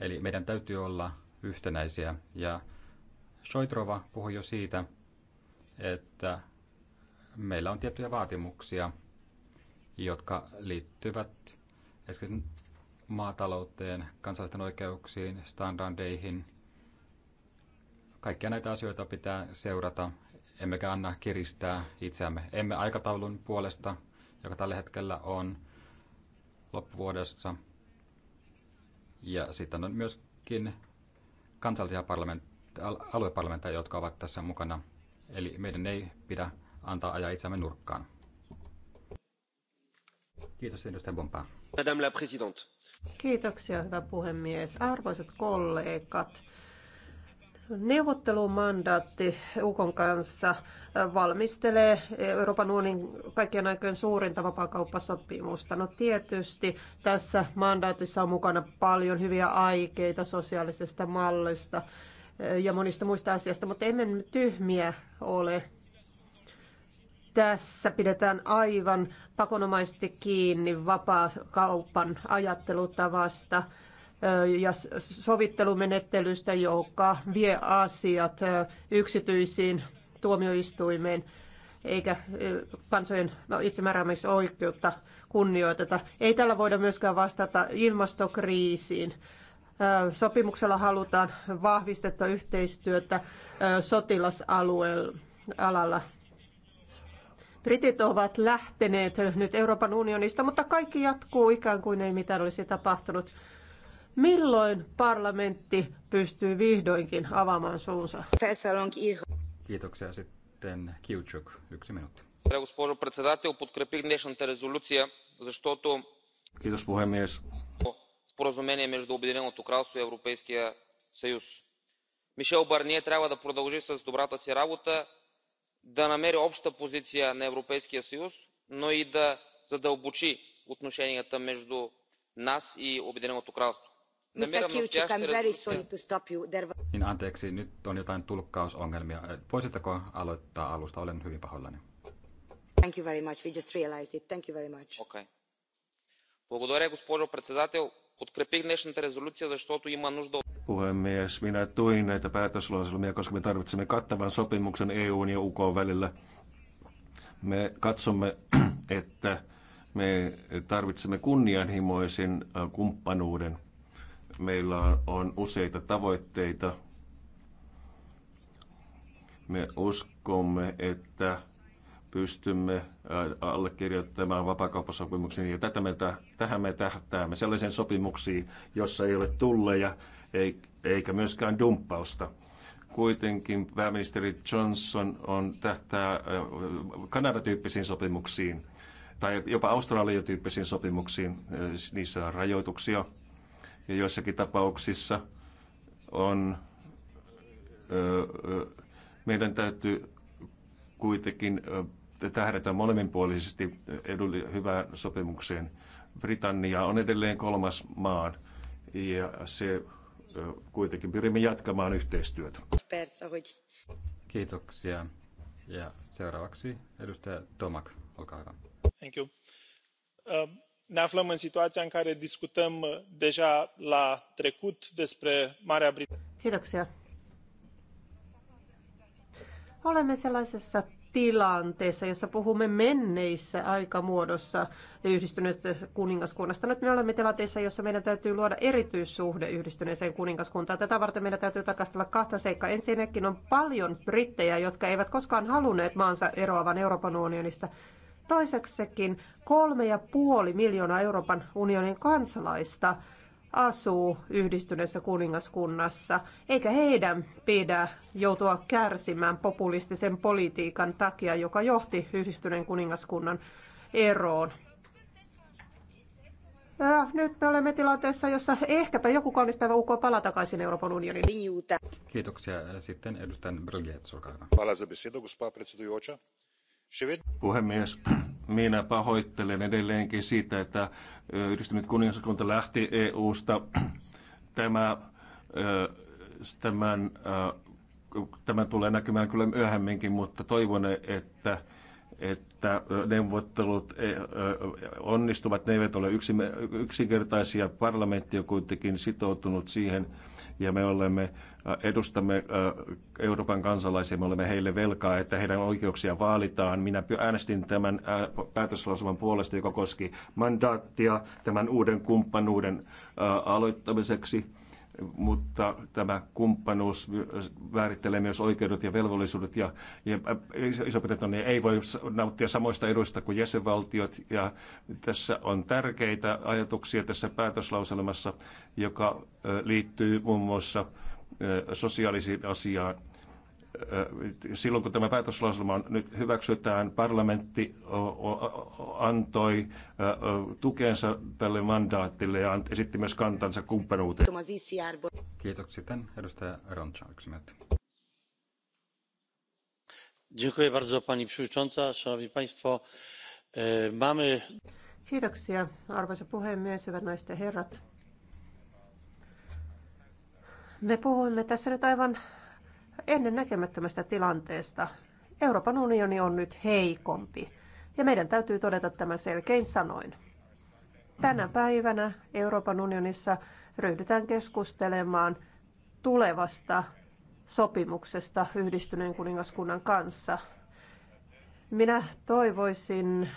[SPEAKER 2] Eli meidän täytyy olla yhtenäisiä. Ja Shoitrova puhui jo siitä, että meillä on tiettyjä vaatimuksia, jotka liittyvät esimerkiksi maatalouteen, kansallisten oikeuksiin, standardeihin. Kaikkia näitä asioita pitää seurata, emmekä anna kiristää itseämme. Emme aikataulun puolesta, joka tällä hetkellä on loppuvuodessa – ja sitten on myöskin kansallisia alueparlamentteja, jotka ovat tässä mukana. Eli meidän ei pidä antaa ajaa itseämme nurkkaan. Kiitos, edustaja Bompaa. Madame la Présidente.
[SPEAKER 1] Kiitoksia, hyvä puhemies. Arvoisat kollegat, Neuvottelumandaatti UKon kanssa valmistelee Euroopan unionin kaikkien aikojen suurinta vapaakauppasopimusta. No tietysti tässä mandaatissa on mukana paljon hyviä aikeita sosiaalisesta mallista ja monista muista asiasta, mutta emme tyhmiä ole. Tässä pidetään aivan pakonomaisesti kiinni vapaakaupan ajattelutavasta ja sovittelumenettelystä, joka vie asiat yksityisiin tuomioistuimeen eikä kansojen no, itsemääräämisoikeutta kunnioiteta. Ei tällä voida myöskään vastata ilmastokriisiin. Sopimuksella halutaan vahvistettua yhteistyötä sotilasalueella. Britit ovat lähteneet nyt Euroopan unionista, mutta kaikki jatkuu ikään kuin ei mitään olisi tapahtunut. Milloin parlamentti pystyy vihdoinkin avaamaan suunsa?
[SPEAKER 2] Kiitoksia sitten Kiuchuk. Yksi minuutti. Kiitos puhemies. Споразумение между Обединеното кралство и Европейския съюз. Мишел Барние трябва да продължи с добрата си работа, да намери обща позиция на Европейския съюз, но и да задълбочи отношенията между нас и Обединеното кралство Mr. I'm very sorry
[SPEAKER 4] to stop you. There...
[SPEAKER 2] Niin anteeksi, nyt on jotain tulkkausongelmia. Voisitteko aloittaa alusta? Olen hyvin pahoillani.
[SPEAKER 4] Thank you very much. We just realized it. Thank you very much. Okay.
[SPEAKER 2] Благодаря, госпожо председател. Подкрепих днешната резолюция, защото има нужда от
[SPEAKER 7] puhemies. Minä tuin näitä päätöslauselmia, koska me tarvitsemme kattavan sopimuksen EUn ja UK välillä. Me katsomme, että me tarvitsemme kunnianhimoisen kumppanuuden – Meillä on, on useita tavoitteita. Me uskomme, että pystymme äh, allekirjoittamaan vapaakauppasopimuksen. Ja tätä me, tähän me tähtäämme sellaisiin sopimuksiin, jossa ei ole tulleja eikä myöskään dumppausta. Kuitenkin pääministeri Johnson on tähtää äh, Kanada-tyyppisiin sopimuksiin tai jopa Australia-tyyppisiin sopimuksiin. Äh, niissä on rajoituksia ja joissakin tapauksissa on, öö, meidän täytyy kuitenkin tähdätä molemminpuolisesti edulli, hyvään sopimukseen. Britannia on edelleen kolmas maa ja se kuitenkin pyrimme jatkamaan yhteistyötä.
[SPEAKER 2] Kiitoksia. Ja seuraavaksi edustaja Tomak, olkaa hyvä.
[SPEAKER 7] Thank you. Um ne aflăm în situația în care discutăm uh, deja la trecut despre Marea Britanie.
[SPEAKER 1] Olemme sellaisessa tilanteessa, jossa puhumme menneissä aikamuodossa yhdistyneestä kuningaskunnasta. Nyt me olemme tilanteessa, jossa meidän täytyy luoda erityissuhde yhdistyneeseen kuningaskuntaan. Tätä varten meidän täytyy tarkastella kahta seikkaa. Ensinnäkin on paljon brittejä, jotka eivät koskaan halunneet maansa eroavan Euroopan unionista. Toiseksikin kolme ja puoli miljoonaa Euroopan unionin kansalaista asuu yhdistyneessä kuningaskunnassa, eikä heidän pidä joutua kärsimään populistisen politiikan takia, joka johti yhdistyneen kuningaskunnan eroon. Ja nyt me olemme tilanteessa, jossa ehkäpä joku kaunis päivä UK palaa takaisin Euroopan unionin.
[SPEAKER 2] Kiitoksia. Sitten edustan Brylgeet, olkaa hyvä. Puhemies, minä
[SPEAKER 7] pahoittelen edelleenkin siitä, että yhdistynyt kuningaskunta lähti EU-sta. Tämä, tämän, tämän tulee näkymään kyllä myöhemminkin, mutta toivon, että että neuvottelut e, onnistuvat. Ne eivät ole yksinkertaisia. Parlamentti on kuitenkin sitoutunut siihen ja me olemme edustamme Euroopan kansalaisia, me olemme heille velkaa, että heidän oikeuksia vaalitaan. Minä äänestin tämän päätöslausuman puolesta, joka koski mandaattia tämän uuden kumppanuuden aloittamiseksi mutta tämä kumppanuus määrittelee myös oikeudet ja velvollisuudet ja, ja Iso-Britannia ei voi nauttia samoista eduista kuin jäsenvaltiot ja tässä on tärkeitä ajatuksia tässä päätöslauselmassa, joka liittyy muun muassa sosiaalisiin asiaan, silloin kun tämä päätöslauselma nyt hyväksytään, parlamentti antoi tukensa tälle mandaatille ja esitti myös kantansa kumppanuuteen.
[SPEAKER 2] Kiitoksia. Sitten edustaja Roncha, yksi minuutti.
[SPEAKER 1] Dziękuję bardzo pani przewodnicząca, szanowni państwo. E, mamy... Kiitoksia, arvoisa puhemies, hyvät naiset ja herrat. Me puhuimme tässä nyt aivan ennen näkemättömästä tilanteesta. Euroopan unioni on nyt heikompi ja meidän täytyy todeta tämä selkein sanoin. Tänä päivänä Euroopan unionissa ryhdytään keskustelemaan tulevasta sopimuksesta yhdistyneen kuningaskunnan kanssa. Minä toivoisin,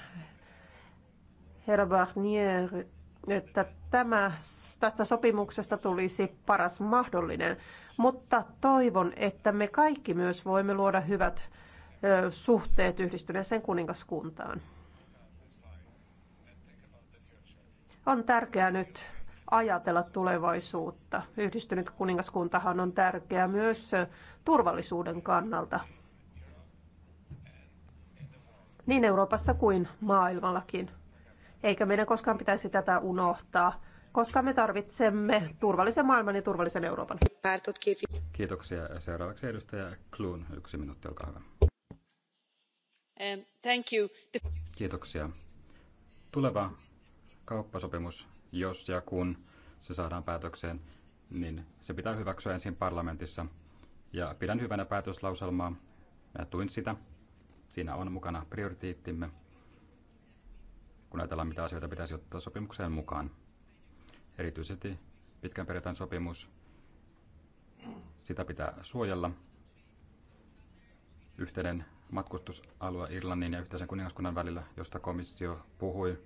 [SPEAKER 1] herra Barnier, että tämä, tästä sopimuksesta tulisi paras mahdollinen mutta toivon, että me kaikki myös voimme luoda hyvät suhteet yhdistyneeseen kuningaskuntaan. On tärkeää nyt ajatella tulevaisuutta. Yhdistynyt kuningaskuntahan on tärkeä myös turvallisuuden kannalta. Niin Euroopassa kuin maailmallakin. Eikä meidän koskaan pitäisi tätä unohtaa koska me tarvitsemme turvallisen maailman ja turvallisen Euroopan.
[SPEAKER 2] Kiitoksia. Seuraavaksi edustaja Kluun. Yksi minuutti, olkaa hyvä.
[SPEAKER 6] Um, thank you.
[SPEAKER 2] Kiitoksia. Tuleva kauppasopimus, jos ja kun se saadaan päätökseen, niin se pitää hyväksyä ensin parlamentissa. Ja pidän hyvänä päätöslauselmaa. Mä tuin sitä. Siinä on mukana prioriteettimme, kun ajatellaan mitä asioita pitäisi ottaa sopimukseen mukaan. Erityisesti pitkän perjantain sopimus, sitä pitää suojella. Yhteinen matkustusalue Irlannin ja yhteisen kuningaskunnan välillä, josta komissio puhui,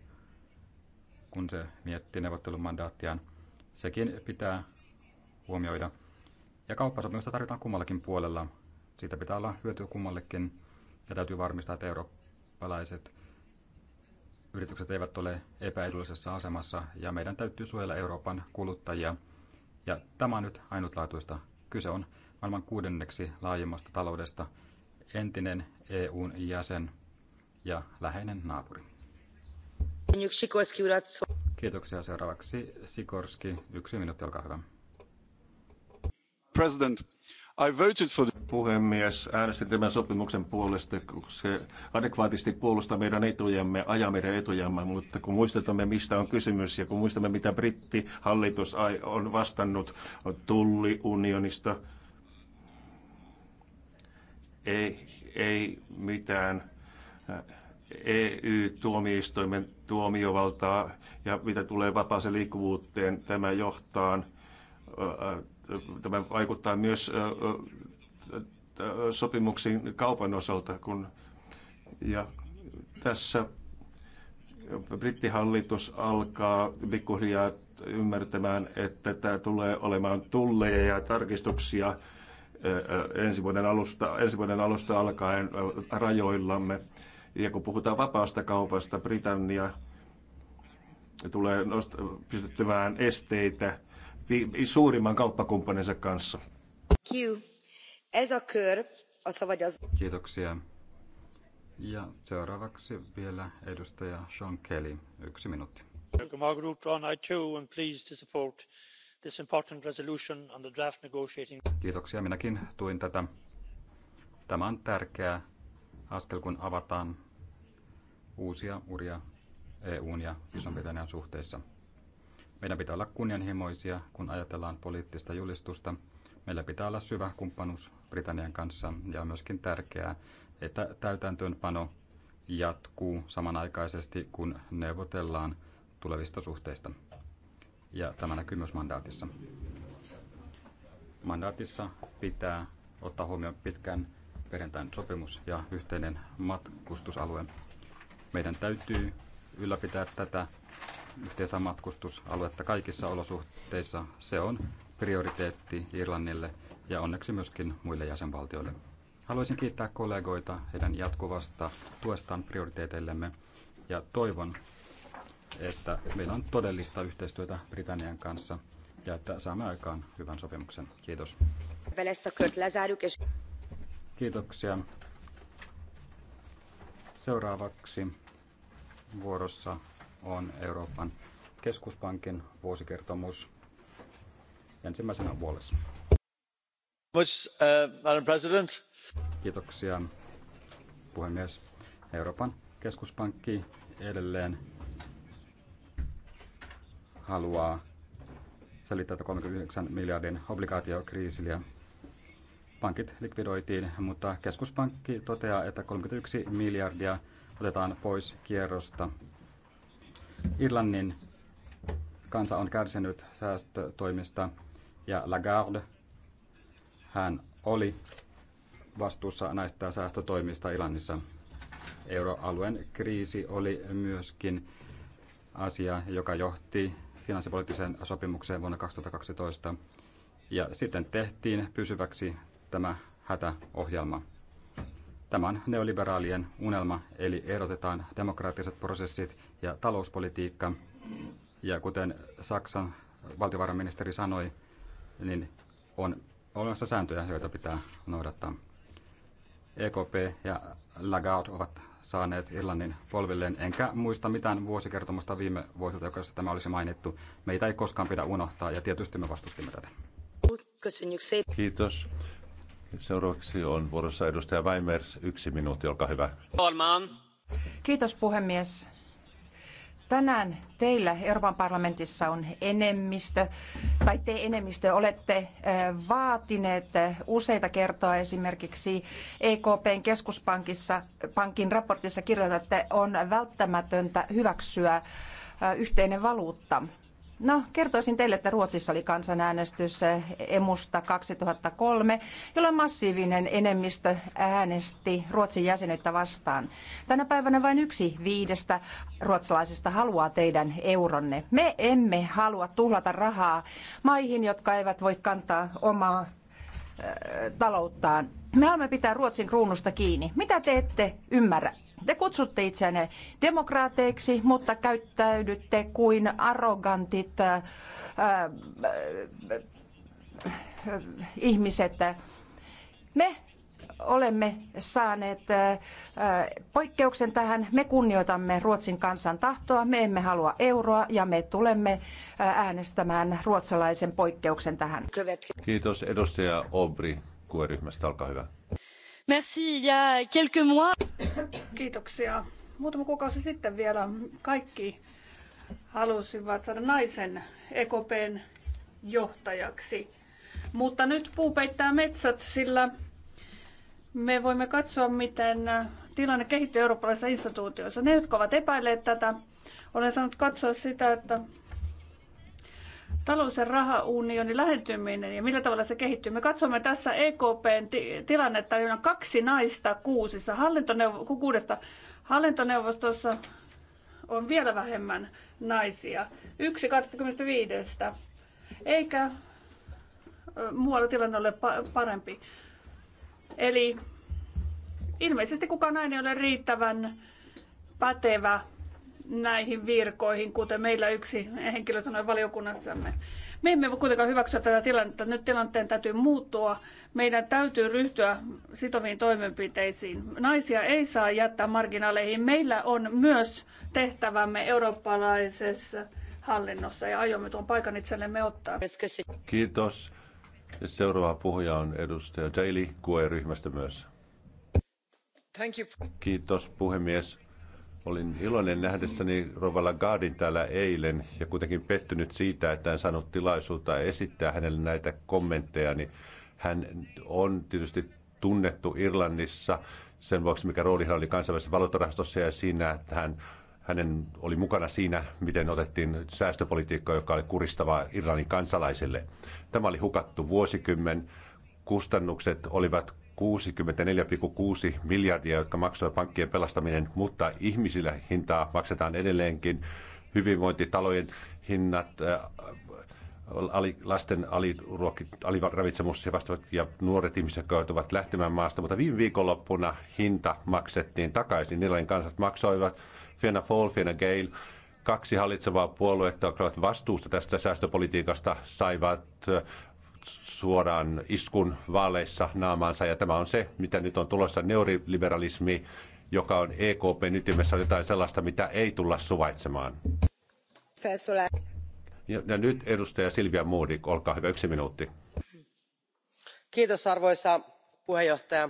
[SPEAKER 2] kun se mietti neuvottelumandaattiaan. Sekin pitää huomioida. Ja kauppasopimusta tarvitaan kummallakin puolella. Siitä pitää olla hyötyä kummallekin ja täytyy varmistaa, että eurooppalaiset yritykset eivät ole epäedullisessa asemassa ja meidän täytyy suojella Euroopan kuluttajia. Ja tämä on nyt ainutlaatuista. Kyse on maailman kuudenneksi laajemmasta taloudesta, entinen EUn jäsen ja läheinen naapuri. Kiitoksia. Seuraavaksi Sikorski. Yksi minuutti, olkaa hyvä. President. I voted for the... Puhemies,
[SPEAKER 7] äänestin tämän sopimuksen puolesta, koska se adekvaatisti puolustaa meidän etujamme, ajaa meidän etujamme, mutta kun muistetamme, mistä on kysymys ja kun muistamme, mitä brittihallitus on vastannut tulliunionista, ei, ei mitään EU-tuomioistuimen tuomiovaltaa ja mitä tulee vapaaseen liikkuvuuteen, tämä johtaa tämä vaikuttaa myös sopimuksiin kaupan osalta, kun ja tässä brittihallitus alkaa pikkuhiljaa ymmärtämään, että tämä tulee olemaan tulleja ja tarkistuksia ensi vuoden alusta, ensi vuoden alusta alkaen rajoillamme. Ja kun puhutaan vapaasta kaupasta, Britannia tulee pystyttämään esteitä
[SPEAKER 2] suurimman kauppakumppaninsa kanssa. Kiitoksia. Ja seuraavaksi vielä edustaja Sean Kelly, yksi minuutti. Kiitoksia, minäkin tuin tätä. Tämä on tärkeä askel, kun avataan uusia uria EUn ja Ison-Britannian suhteissa. Meidän pitää olla kunnianhimoisia, kun ajatellaan poliittista julistusta. Meillä pitää olla syvä kumppanuus Britannian kanssa ja on myöskin tärkeää, että täytäntöönpano jatkuu samanaikaisesti, kun neuvotellaan tulevista suhteista. Ja tämä näkyy myös mandaatissa. Mandaatissa pitää ottaa huomioon pitkän perjantain sopimus ja yhteinen matkustusalue. Meidän täytyy ylläpitää tätä yhteistä matkustusaluetta kaikissa olosuhteissa, se on prioriteetti Irlannille ja onneksi myöskin muille jäsenvaltioille. Haluaisin kiittää kollegoita heidän jatkuvasta tuestaan prioriteeteillemme ja toivon, että meillä on todellista yhteistyötä Britannian kanssa ja että saamme aikaan hyvän sopimuksen. Kiitos. Kiitoksia. Seuraavaksi vuorossa on Euroopan keskuspankin vuosikertomus ensimmäisenä vuodessa. Much, uh, Madam President. Kiitoksia, puhemies. Euroopan keskuspankki edelleen haluaa selittää 39 miljardin obligaatiokriisiä. Pankit likvidoitiin, mutta keskuspankki toteaa, että 31 miljardia otetaan pois kierrosta Irlannin kansa on kärsinyt säästötoimista ja Lagarde, hän oli vastuussa näistä säästötoimista Irlannissa. Euroalueen kriisi oli myöskin asia, joka johti finanssipoliittiseen sopimukseen vuonna 2012. Ja sitten tehtiin pysyväksi tämä hätäohjelma. Tämä on neoliberaalien unelma, eli ehdotetaan demokraattiset prosessit ja talouspolitiikka. Ja kuten Saksan valtiovarainministeri sanoi, niin on olemassa sääntöjä, joita pitää noudattaa. EKP ja Lagarde ovat saaneet Irlannin polvilleen, enkä muista mitään vuosikertomusta viime vuosilta, jossa tämä olisi mainittu. Meitä ei koskaan pidä unohtaa ja tietysti me vastustimme tätä. Kiitos.
[SPEAKER 3] Seuraavaksi on vuorossa edustaja Weimers. Yksi minuutti, olkaa hyvä.
[SPEAKER 6] Olmaan.
[SPEAKER 8] Kiitos puhemies. Tänään teillä Euroopan parlamentissa on enemmistö, tai te enemmistö olette eh, vaatineet useita kertoa esimerkiksi EKPn keskuspankissa, pankin raportissa kirjoitatte, on välttämätöntä hyväksyä eh, yhteinen valuutta. No, kertoisin teille, että Ruotsissa oli kansanäänestys emusta 2003, jolloin massiivinen enemmistö äänesti Ruotsin jäsenyyttä vastaan. Tänä päivänä vain yksi viidestä ruotsalaisista haluaa teidän euronne. Me emme halua tuhlata rahaa maihin, jotka eivät voi kantaa omaa talouttaan. Me haluamme pitää Ruotsin kruunusta kiinni. Mitä te ette ymmärrä? Te kutsutte itseänne demokraateiksi, mutta käyttäydytte kuin arrogantit ää, äh, ää, äh, ihmiset. Me olemme saaneet äh, poikkeuksen tähän. Me kunnioitamme Ruotsin kansan tahtoa, me emme halua euroa ja me tulemme äänestämään ruotsalaisen poikkeuksen tähän.
[SPEAKER 3] Kiitos edustaja Obri, kueryhmästä, olkaa hyvä.
[SPEAKER 6] Merci, il y a quelques mois. Kiitoksia. Muutama kuukausi sitten vielä kaikki halusivat saada naisen EKPn johtajaksi. Mutta nyt puu peittää metsät, sillä me voimme katsoa, miten tilanne kehittyy eurooppalaisissa instituutioissa. Ne, jotka ovat epäilleet tätä, olen saanut katsoa sitä, että talous- ja rahaunionin lähentyminen ja millä tavalla se kehittyy. Me katsomme tässä EKPn tilannetta, jolla niin on kaksi naista kuusissa, hallintoneuv- kuudesta hallintoneuvostossa on vielä vähemmän naisia, yksi 25, eikä muualla tilanne ole parempi. Eli ilmeisesti kukaan nainen ei ole riittävän pätevä näihin virkoihin, kuten meillä yksi henkilö sanoi valiokunnassamme. Me emme voi kuitenkaan hyväksyä tätä tilannetta. Nyt tilanteen täytyy muuttua. Meidän täytyy ryhtyä sitoviin toimenpiteisiin. Naisia ei saa jättää marginaaleihin. Meillä on myös tehtävämme eurooppalaisessa hallinnossa ja aiomme tuon paikan itsellemme ottaa.
[SPEAKER 3] Kiitos. Seuraava puhuja on edustaja Daily QE-ryhmästä myös. Kiitos puhemies. Olin iloinen nähdessäni Rova Lagardin täällä eilen ja kuitenkin pettynyt siitä, että en saanut tilaisuutta esittää hänelle näitä kommentteja. Niin Hän on tietysti tunnettu Irlannissa sen vuoksi, mikä rooli hän oli kansainvälisessä valuuttarahastossa ja siinä, että hän hänen oli mukana siinä, miten otettiin säästöpolitiikkaa, joka oli kuristavaa Irlannin kansalaisille. Tämä oli hukattu vuosikymmen. Kustannukset olivat 64,6 miljardia, jotka maksoi pankkien pelastaminen, mutta ihmisillä hintaa maksetaan edelleenkin. Hyvinvointitalojen hinnat, äh, ali, lasten aliruokit, aliravitsemus ja vastaavat ja nuoret ihmiset, jotka joutuvat lähtemään maasta. Mutta viime viikonloppuna hinta maksettiin takaisin. Irlannin kansat maksoivat Fianna Fall, Fianna Gale, kaksi hallitsevaa puoluetta, jotka ovat vastuusta tästä säästöpolitiikasta, saivat äh, suoraan iskun vaaleissa naamaansa. Ja tämä on se, mitä nyt on tulossa neoliberalismi, joka on ekp ytimessä jotain sellaista, mitä ei tulla suvaitsemaan. Ja, ja nyt edustaja Silvia Moodik, olkaa hyvä, yksi minuutti.
[SPEAKER 9] Kiitos arvoisa puheenjohtaja